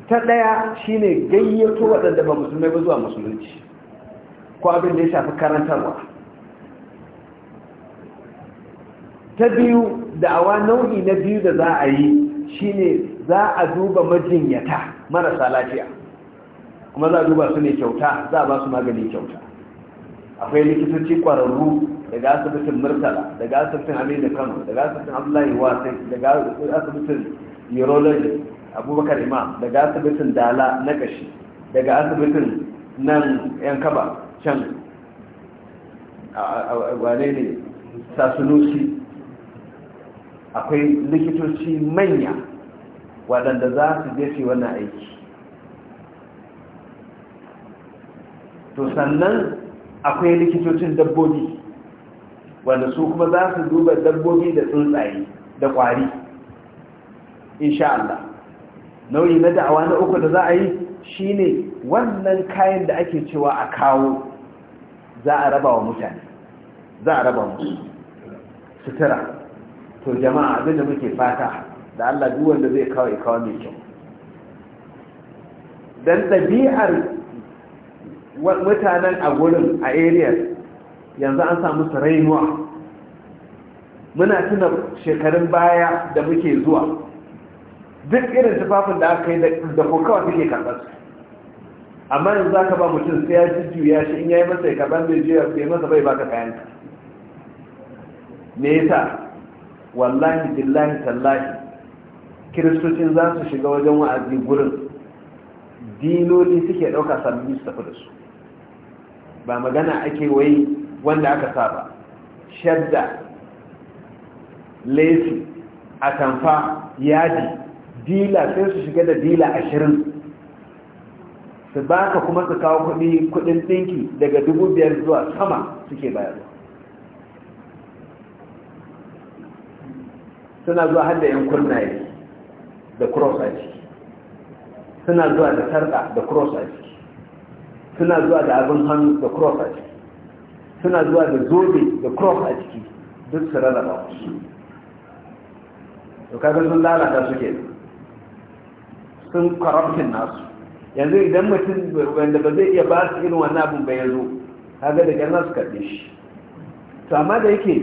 ta ɗaya shine gayyato waɗanda ba musulmai ba zuwa musulunci ko abin da ya shafi karantarwa ta biyu da awa nau'i na biyu da za a yi shine za a duba majinyata marasa lafiya kuma za a duba su ne kyauta za a ba su magani kyauta akwai likitoci ƙwararru daga asibitin murtala daga asibitin aminu kano daga asibitin abdullahi wasai daga asibitin urologist abubakar imam daga asibitin dala na kashi daga asibitin nan yan kaba can wane ne sasunusi akwai likitoci manya waɗanda za su je wannan aiki to sannan akwai likitocin dabbobi wanda su kuma za su duba dabbobi da tsuntsaye da ƙwari insha Allah nauyi na da'awa na uku da za a yi shine wannan kayan da ake cewa a kawo za a raba wa mutane za a raba musu sutura to jama'a da muke fata da Allah duk wanda zai kawo ya kawo mai kyau dan ɗabi'ar mutanen a gurin a area yanzu an samu su rainuwa muna tuna shekarun baya da muke zuwa duk irin tufafin da aka yi da kokawa suke karɓar su amma yanzu za ka ba mutum sai ya ci juya shi in ya yi masa ya karɓar mai juya sai masa bai baka kayan ka me yasa wallahi billahi tallahi kiristocin za su shiga wajen wa'azi gurin dinoli suke ɗauka sami su tafi da su ba magana ake wai wanda aka saba shadda lesi atamfa yadi dila sai su shiga da dila ashirin su baka kuma su kawo kudin dinki daga dubu biyar zuwa sama suke bayarwa suna zuwa hada yan yi da cross a ciki suna zuwa da sarka da cross a ciki suna zuwa da abin hannu da cross a ciki suna zuwa da zobe da cross a ciki duk su rarraba su ka kaga sun lalata suke sun corruption nasu yanzu idan mutum wanda ba zai iya ba su irin wannan abin ba ya zo kaga da ganin su karɓe shi to amma da yake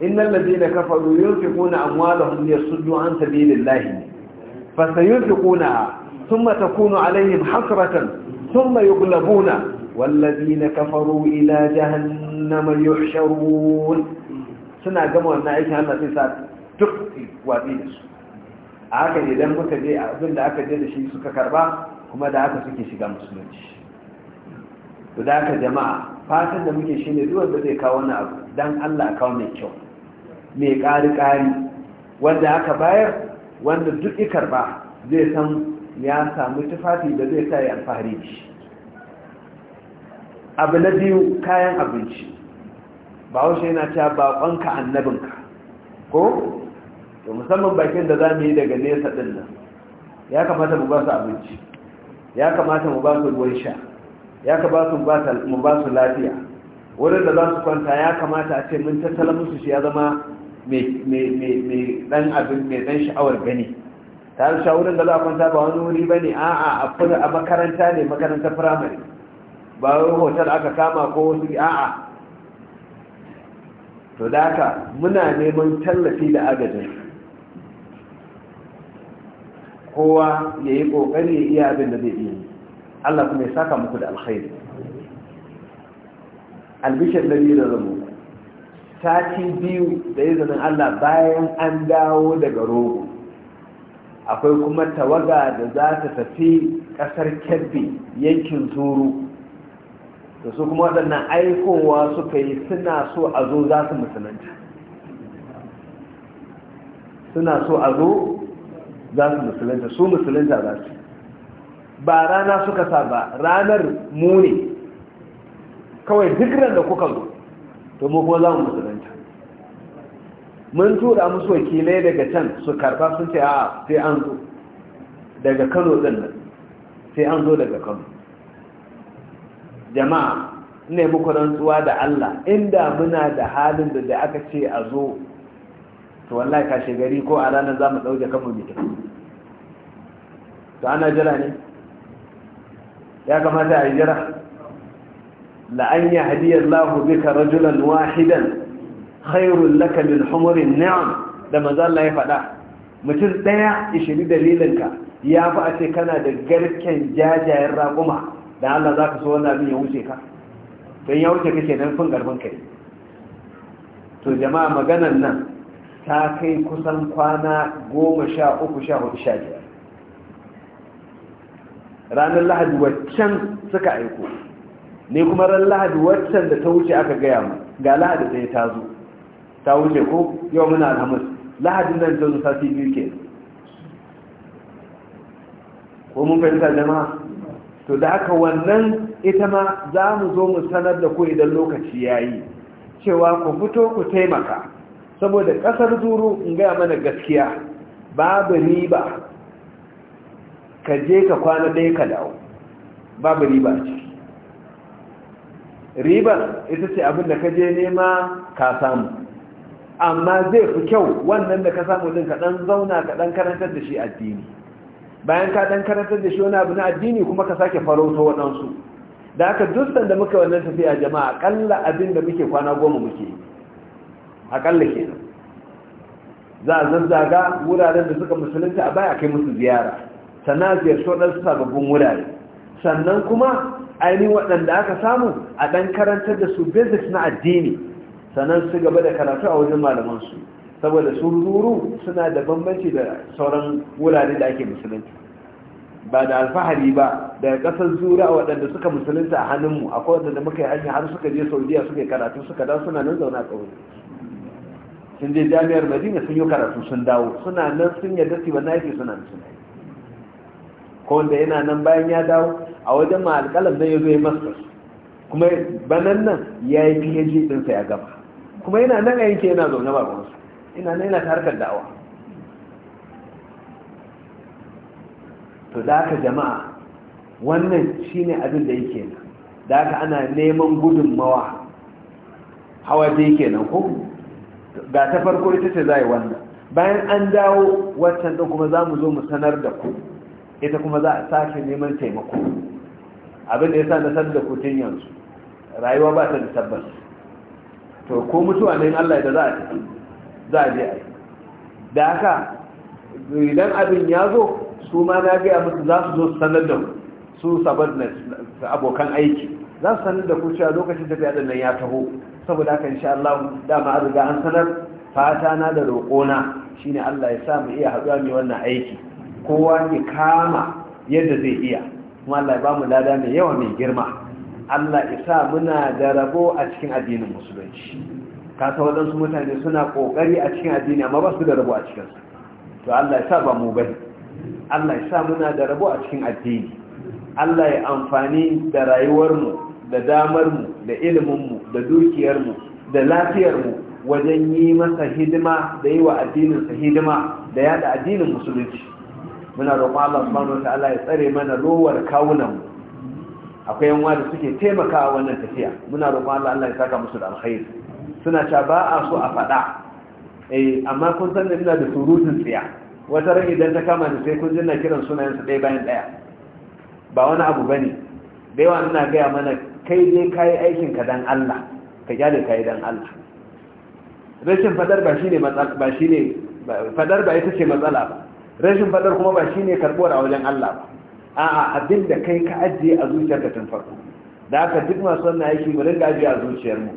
innal ladina kafaru yunfiquna amwalahum yasuddu an sabilillahi fa sayunfiquna thumma takunu alaihim hasratan thumma yughlabuna والذين كفروا إلى جهنم يحشرون سنة جمع sa duk نسيسات da su. a haka idan muka je abin da aka je da shi suka karba kuma da haka suke shiga musulunci to da haka jama'a fatan da muke shine duk wanda zai kawo wani abu dan Allah kawo mai kyau mai ƙari ƙari wanda aka bayar wanda duk ya karba zai san ya samu tufafi da zai sa ya alfahari da shi abu na biyu kayan abinci ba yana cewa baƙonka annabinka ko to musamman bakin da za mu yi daga nesa ɗin nan ya kamata mu ba su abinci ya kamata mu ba su ruwan sha ya kamata mu ba su lafiya wurin da za su kwanta ya kamata a ce mun tattala musu shi ya zama mai ɗan abin mai ɗan sha'awar gani ta sha wurin da za a kwanta ba wani wuri ba ne a'a a makaranta ne makarantar firamare ba wani hotel aka kama ko wasu a'a to da haka muna neman tallafi da agajin kowa ya yi ƙoƙari ya iya abin da zai iya Allah kuma ya saka muku da alkhairi albishir da biyu da ta sati biyu da izinin Allah bayan an dawo daga rogo akwai kuma tawaga da za ta tafi ƙasar kebbi yankin zuru da su kuma waɗannan aikowa suka yi suna so a zo za su musulunta suna so a zo za su musulunta su musulunta za su ba rana suka sa ba ranar mu ne kawai duk ran da kuka zo to mu kuma za mu musulunta mun tura musu wakilai daga can su karfa sun ce a sai an zo daga kano din nan sai an zo daga kano jama'a ne muku rantsuwa da Allah inda muna da halin da da aka ce a zo to wallahi kashe gari ko a ranar za mu ɗauke kanmu mutum to ana jira ne ya kamata a jira la'an ya hadiyar lahu bika rajulan wahidan khairun laka min humurin na'am da maza Allah ya faɗa mutum ɗaya ishiri dalilinka ya fi a ce kana da garken jajayen raƙuma da Allah za ka so wani abin ya wuce ka don ya wuce kake nan fin garbin kai to jama'a maganan nan ta kai kusan kwana goma sha uku sha hudu sha biyar ranar lahadi waccan suka aiko ne kuma ran lahadi waccan da ta wuce aka gaya mu ga lahadi sai ta zo ta wuce ko yau muna alhamis lahadin nan ta zo sati biyu ke ko mun fahimta jama'a to da haka wannan ita ma za mu zo mu sanar da ku idan lokaci ya yi cewa ku fito ku taimaka saboda ƙasar zuru in gaya mana gaskiya babu riba ka je ka kwana ɗaya ka dawo babu riba a riba ita ce abin da ka je nema ka samu amma zai fi kyau wannan da ka samu din ka ɗan zauna ka ɗan karantar da shi addini bayan ka ɗan karantar da shi wani abu na addini kuma ka sake farauta waɗansu da aka dustan da muka wannan tafiya jama'a akalla abin da muke kwana goma muke akalla kenan za a zazzaga wuraren da suka musulunta a baya kai musu ziyara sannan ziyarci waɗansu sababbin wurare sannan kuma ainihin waɗanda aka samu a ɗan karantar da su basic na addini sannan su gaba da karatu a wajen malamansu saboda su ruru suna da bambanci da sauran wurare da ake musulunci ba da alfahari ba daga ƙasar zura waɗanda suka musulunta a hannunmu kowace da muka yi hanyar har suka je saudiya suka yi karatu suka dawo suna nan zaune a ƙauye sun je jami'ar madina sun yi karatu sun dawo suna nan sun yi dasi ba na suna nan suna ko wanda yana nan bayan ya dawo a wajen ma alƙalam ya zo ya masters kuma banan nan ya yi phd ɗinsa ya gaba. kuma yana nan a yanke yana zaune ba su ina nan yana ta harkar da'awa to da aka jama'a wannan shi ne abin da yake nan da aka ana neman gudunmawa hawa yake kenan ko ga ta farko ita ce za yi wannan bayan an dawo wancan ɗin kuma za mu zo mu sanar da ku ita kuma za a sake neman taimako abin da ya sa na san da kutun yanzu rayuwa ba ta da tabbas to ko mutuwa ne Allah da za a tafi za a je a yi da haka idan abin ya zo su ma na gaya musu za su zo su sanar da su sabar na abokan aiki za su sanar da ku cewa lokacin tafiya da nan ya taho saboda haka insha Allah dama a riga an sanar fata na da roƙona shine Allah ya sa mu iya haɗuwa mai wannan aiki kowa ya kama yadda zai iya kuma Allah ya ba mu lada mai yawa mai girma Allah isa muna da rabo a cikin addinin musulunci kasa waɗansu mutane suna ƙoƙari a cikin addini amma ba su da rabo a cikinsu to Allah isa ba mu bane Allah isa muna da rabo a cikin addini Allah ya amfani da rayuwarmu da damarmu da iliminmu da dukiyarmu da lafiyarmu wajen yi masa hidima da yi wa addininsa hidima da yada addinin musulunci muna roƙon Allah subhanahu ta'ala ya tsare mana rowar kawunan mu akwai yanwa da suke taimakawa wannan tafiya muna roƙon Allah Allah ya saka musu da alkhairi suna cewa ba a so a faɗa eh amma kun san da ina da surutun tsiya wata ran idan ta kama da sai kun jinna kiran sunayen su dai bayan ɗaya ba wani abu bane da yawa ina gaya mana kai dai kai aikin ka dan Allah ka gyale kai dan Allah rashin fadar ba shine matsala ba shine fadar ba ita ce matsala ba rashin fadar kuma ba shi ne karbuwar a wajen Allah ba a'a abin kai ka ajiye a ka tun farko da aka duk masu wannan aiki mu dinga ajiye a zuciyar mu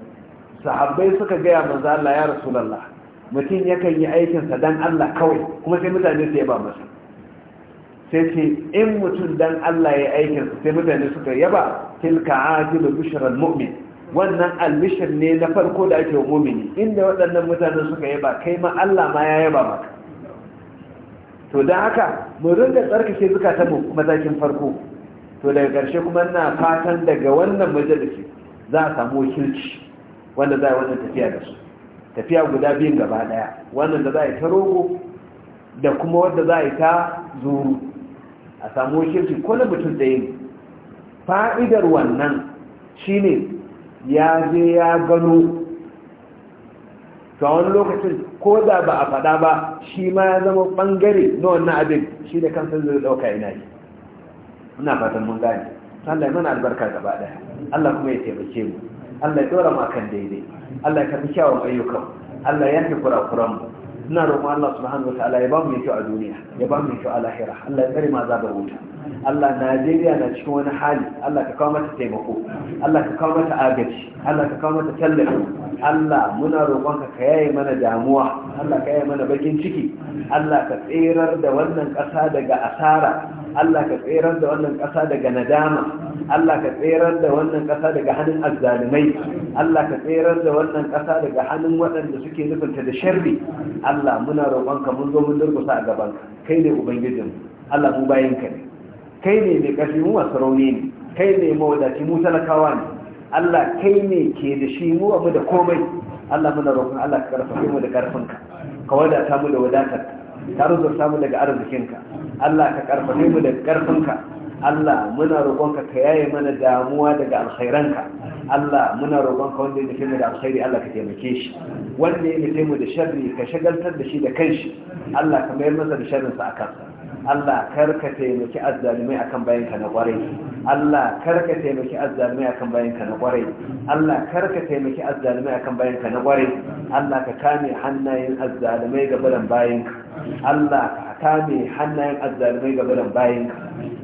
sahabbai suka gaya manzo Allah ya rasulullah mutum yakan yi aikin sa dan Allah kawai kuma sai mutane su yaba masa sai ce in mutum dan Allah ya aikin sa sai mutane suka yaba tilka ajibu bushral mu'min wannan almishir ne na farko da ake wa mumini inda waɗannan mutane suka yaba kai ma Allah ma ya yaba maka to da haka mu ringa tsarkake zukatanmu matakin farko to daga ƙarshe kuma ina fatan daga wannan majalisi za a samu wakilci wanda za a wannan tafiya da su tafiya guda biyun gaba daya wannan da za a yi ta rogo da kuma wanda za a yi ta zuru a samu wakilci ko na mutum ɗaya ne fa'idar wannan shine ya je ya gano to a wani lokacin ko da ba a faɗa ba shi ma ya zama ɓangare na wannan abin shi da kansa zai ɗauka ina yi Ina fatan mun gane Sallai mana albarka gaba ɗaya Allah kuma ya taimake mu Allah ya ɗora mu akan daidai Allah ya karbi kyawun ayyukan Allah ya fi kurakuran mu ina roƙon Allah subhanahu wa ta'ala ya ba mu kyau a duniya ya ba mu kyau a lahira Allah ya tsare ma za da wuta Allah Najeriya na cikin wani hali Allah ka kawo mata taimako Allah ka kawo mata agaji Allah ka kawo mata tallafi Allah muna roƙonka ka yaye mana damuwa Allah ka yaye mana bakin ciki Allah ka tsirar da wannan ƙasa daga asara Allah ka tsirar da wannan ƙasa daga nadama Allah ka tsirar da wannan ƙasa daga hannun azzalumai Allah ka tsirar da wannan ƙasa daga hannun waɗanda suke nufinta da sharri Allah muna roƙonka mun zo mun durƙusa a gabanka kai ne ubangijin Allah mu bayin ka ne kai ne mai ƙarfi mu masu rauni ne kai ne da mu talakawa ne Allah kai ne ke da shi mu abu da komai Allah muna roƙon Allah ka karfafe mu da karfinka ka wadata mu da wadatar ka rubuta mu daga arzikinka Allah ka karfafe mu da karfinka Allah muna roƙon ka yaye mana damuwa daga alkhairanka Allah muna ka wanda ya mu da alkhairi Allah ka taimake shi wanda ya nufe mu da sharri ka shagaltar da shi da kanshi Allah ka mayar masa da sharrinsa a kansa Allah karka taimaki azzalumai akan bayanka na kwarai Allah karka taimaki azzalumai akan bayanka na kwarai Allah karka taimaki azzalumai akan bayanka na kwarai Allah ka kame hannayen azzalumai gabaran bayanka Allah ka kame hannayen azzalumai gabaran bayanka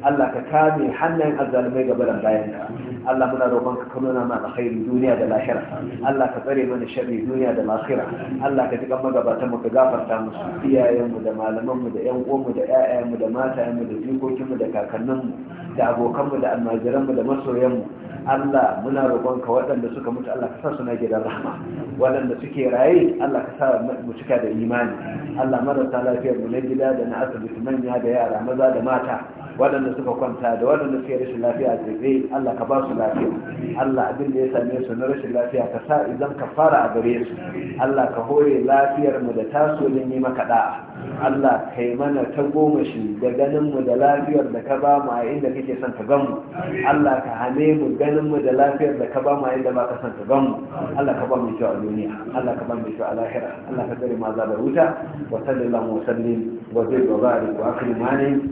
Allah ka kame hannayen azzalumai gabaran bayanka Allah muna roƙon ka kallona mana alkhairi duniya da lahira Allah ka tsare mana sharri duniya da lahira Allah ka tuka magabatan mu ka gafarta musu iyayen mu da malaman mu da ƴan uwan mu da ƴaƴayen mu da matayen mu da jikokin mu da kakannin mu da abokan mu da almajiran mu da masoyan mu Allah muna roƙon ka waɗanda suka mutu Allah ka sa na gidan rahma waɗanda suke raye Allah ka sa mu cika da imani Allah marasa lafiyar mu na gida da na asibiti manya da yara maza da mata waɗanda suka kwanta da waɗanda suke rashin lafiya a zai Allah ka ba su lafiya Allah abin da ya same su na rashin lafiya ka sa idan ka fara a gare su Allah ka hore lafiyar mu da taso don yi maka da'a Allah ka yi mana ta goma shi da ganin mu da lafiyar da ka ba mu a inda kake son ka gan mu Allah ka hane mu ganin mu da lafiyar da ka ba mu a inda ba ka son ka gan mu Allah ka ba mu kyau a duniya Allah ka ba mu kyau a lahira Allah ka tsare ma za da wuta wa sallallahu wa sallim wa zai wa barik wa akrimanin